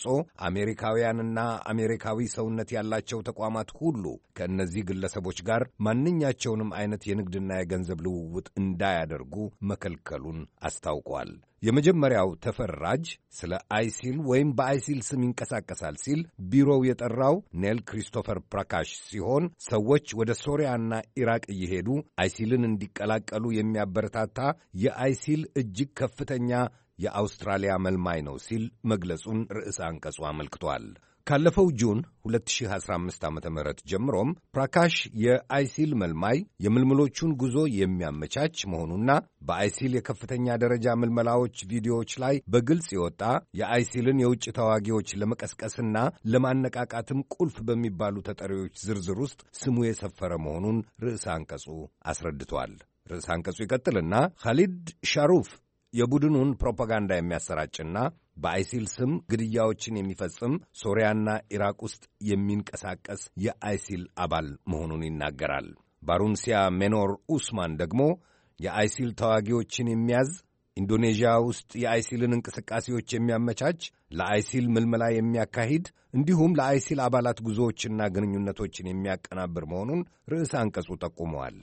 አሜሪካውያንና አሜሪካዊ ሰውነት ያላቸው ተቋማት ሁሉ ከእነዚህ ግለሰቦች ጋር ማንኛቸውንም አይነት የንግድና የገንዘብ ልውውጥ እንዳያደርጉ መከልከሉን አስታውቋል። የመጀመሪያው ተፈራጅ ስለ አይሲል ወይም በአይሲል ስም ይንቀሳቀሳል ሲል ቢሮው የጠራው ኔል ክሪስቶፈር ፕራካሽ ሲሆን ሰዎች ወደ ሶሪያና ኢራቅ እየሄዱ አይሲልን እንዲቀላቀሉ የሚያበረታታ የአይሲል እጅግ ከፍተኛ የአውስትራሊያ መልማይ ነው ሲል መግለጹን ርዕሰ አንቀጹ አመልክቷል። ካለፈው ጁን 2015 ዓ ም ጀምሮም ፕራካሽ የአይሲል መልማይ የምልምሎቹን ጉዞ የሚያመቻች መሆኑና በአይሲል የከፍተኛ ደረጃ ምልመላዎች ቪዲዮዎች ላይ በግልጽ የወጣ የአይሲልን የውጭ ተዋጊዎች ለመቀስቀስና ለማነቃቃትም ቁልፍ በሚባሉ ተጠሪዎች ዝርዝር ውስጥ ስሙ የሰፈረ መሆኑን ርዕሰ አንቀጹ አስረድቷል። ርዕሰ አንቀጹ ይቀጥልና ኻሊድ ሻሩፍ የቡድኑን ፕሮፓጋንዳ የሚያሰራጭና በአይሲል ስም ግድያዎችን የሚፈጽም ሶሪያና ኢራቅ ውስጥ የሚንቀሳቀስ የአይሲል አባል መሆኑን ይናገራል። ባሩንሲያ ሜኖር ኡስማን ደግሞ የአይሲል ተዋጊዎችን የሚያዝ ኢንዶኔዥያ ውስጥ የአይሲልን እንቅስቃሴዎች የሚያመቻች፣ ለአይሲል ምልመላ የሚያካሂድ እንዲሁም ለአይሲል አባላት ጉዞዎችና ግንኙነቶችን የሚያቀናብር መሆኑን ርዕስ አንቀጹ ጠቁመዋል።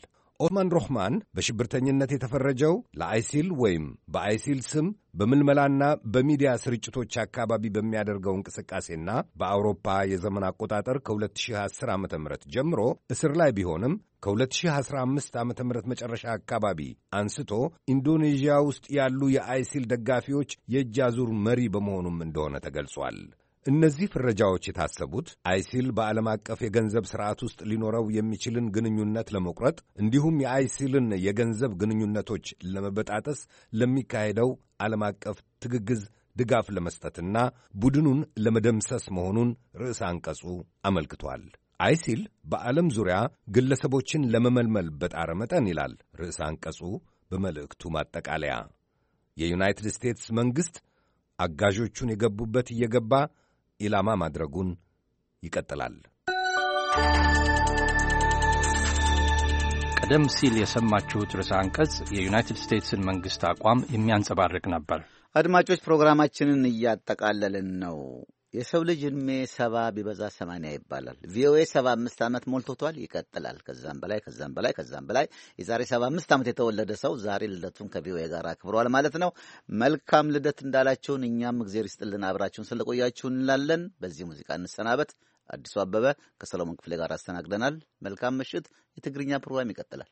ኦትማን ሮህማን በሽብርተኝነት የተፈረጀው ለአይሲል ወይም በአይሲል ስም በምልመላና በሚዲያ ስርጭቶች አካባቢ በሚያደርገው እንቅስቃሴና በአውሮፓ የዘመን አቆጣጠር ከ2010 ዓ ም ጀምሮ እስር ላይ ቢሆንም ከ2015 ዓ ም መጨረሻ አካባቢ አንስቶ ኢንዶኔዥያ ውስጥ ያሉ የአይሲል ደጋፊዎች የእጅ አዙር መሪ በመሆኑም እንደሆነ ተገልጿል። እነዚህ ፍረጃዎች የታሰቡት አይሲል በዓለም አቀፍ የገንዘብ ስርዓት ውስጥ ሊኖረው የሚችልን ግንኙነት ለመቁረጥ እንዲሁም የአይሲልን የገንዘብ ግንኙነቶች ለመበጣጠስ ለሚካሄደው ዓለም አቀፍ ትግግዝ ድጋፍ ለመስጠትና ቡድኑን ለመደምሰስ መሆኑን ርዕሰ አንቀጹ አመልክቷል። አይሲል በዓለም ዙሪያ ግለሰቦችን ለመመልመል በጣረ መጠን ይላል ርዕሰ አንቀጹ በመልእክቱ ማጠቃለያ የዩናይትድ ስቴትስ መንግሥት አጋዦቹን የገቡበት እየገባ ኢላማ ማድረጉን ይቀጥላል። ቀደም ሲል የሰማችሁት ርዕሰ አንቀጽ የዩናይትድ ስቴትስን መንግሥት አቋም የሚያንጸባርቅ ነበር። አድማጮች፣ ፕሮግራማችንን እያጠቃለልን ነው። የሰው ልጅ እድሜ ሰባ ቢበዛ ሰማንያ ይባላል። ቪኦኤ ሰባ አምስት ዓመት ሞልቶቷል። ይቀጥላል። ከዛም በላይ ከዛም በላይ ከዛም በላይ የዛሬ ሰባ አምስት ዓመት የተወለደ ሰው ዛሬ ልደቱን ከቪኦኤ ጋር አክብሯል ማለት ነው። መልካም ልደት እንዳላችሁን እኛም እግዜር ይስጥልን አብራችሁን ስለቆያችሁ እንላለን። በዚህ ሙዚቃ እንሰናበት። አዲሱ አበበ ከሰሎሞን ክፍሌ ጋር አስተናግደናል። መልካም ምሽት። የትግርኛ ፕሮግራም ይቀጥላል።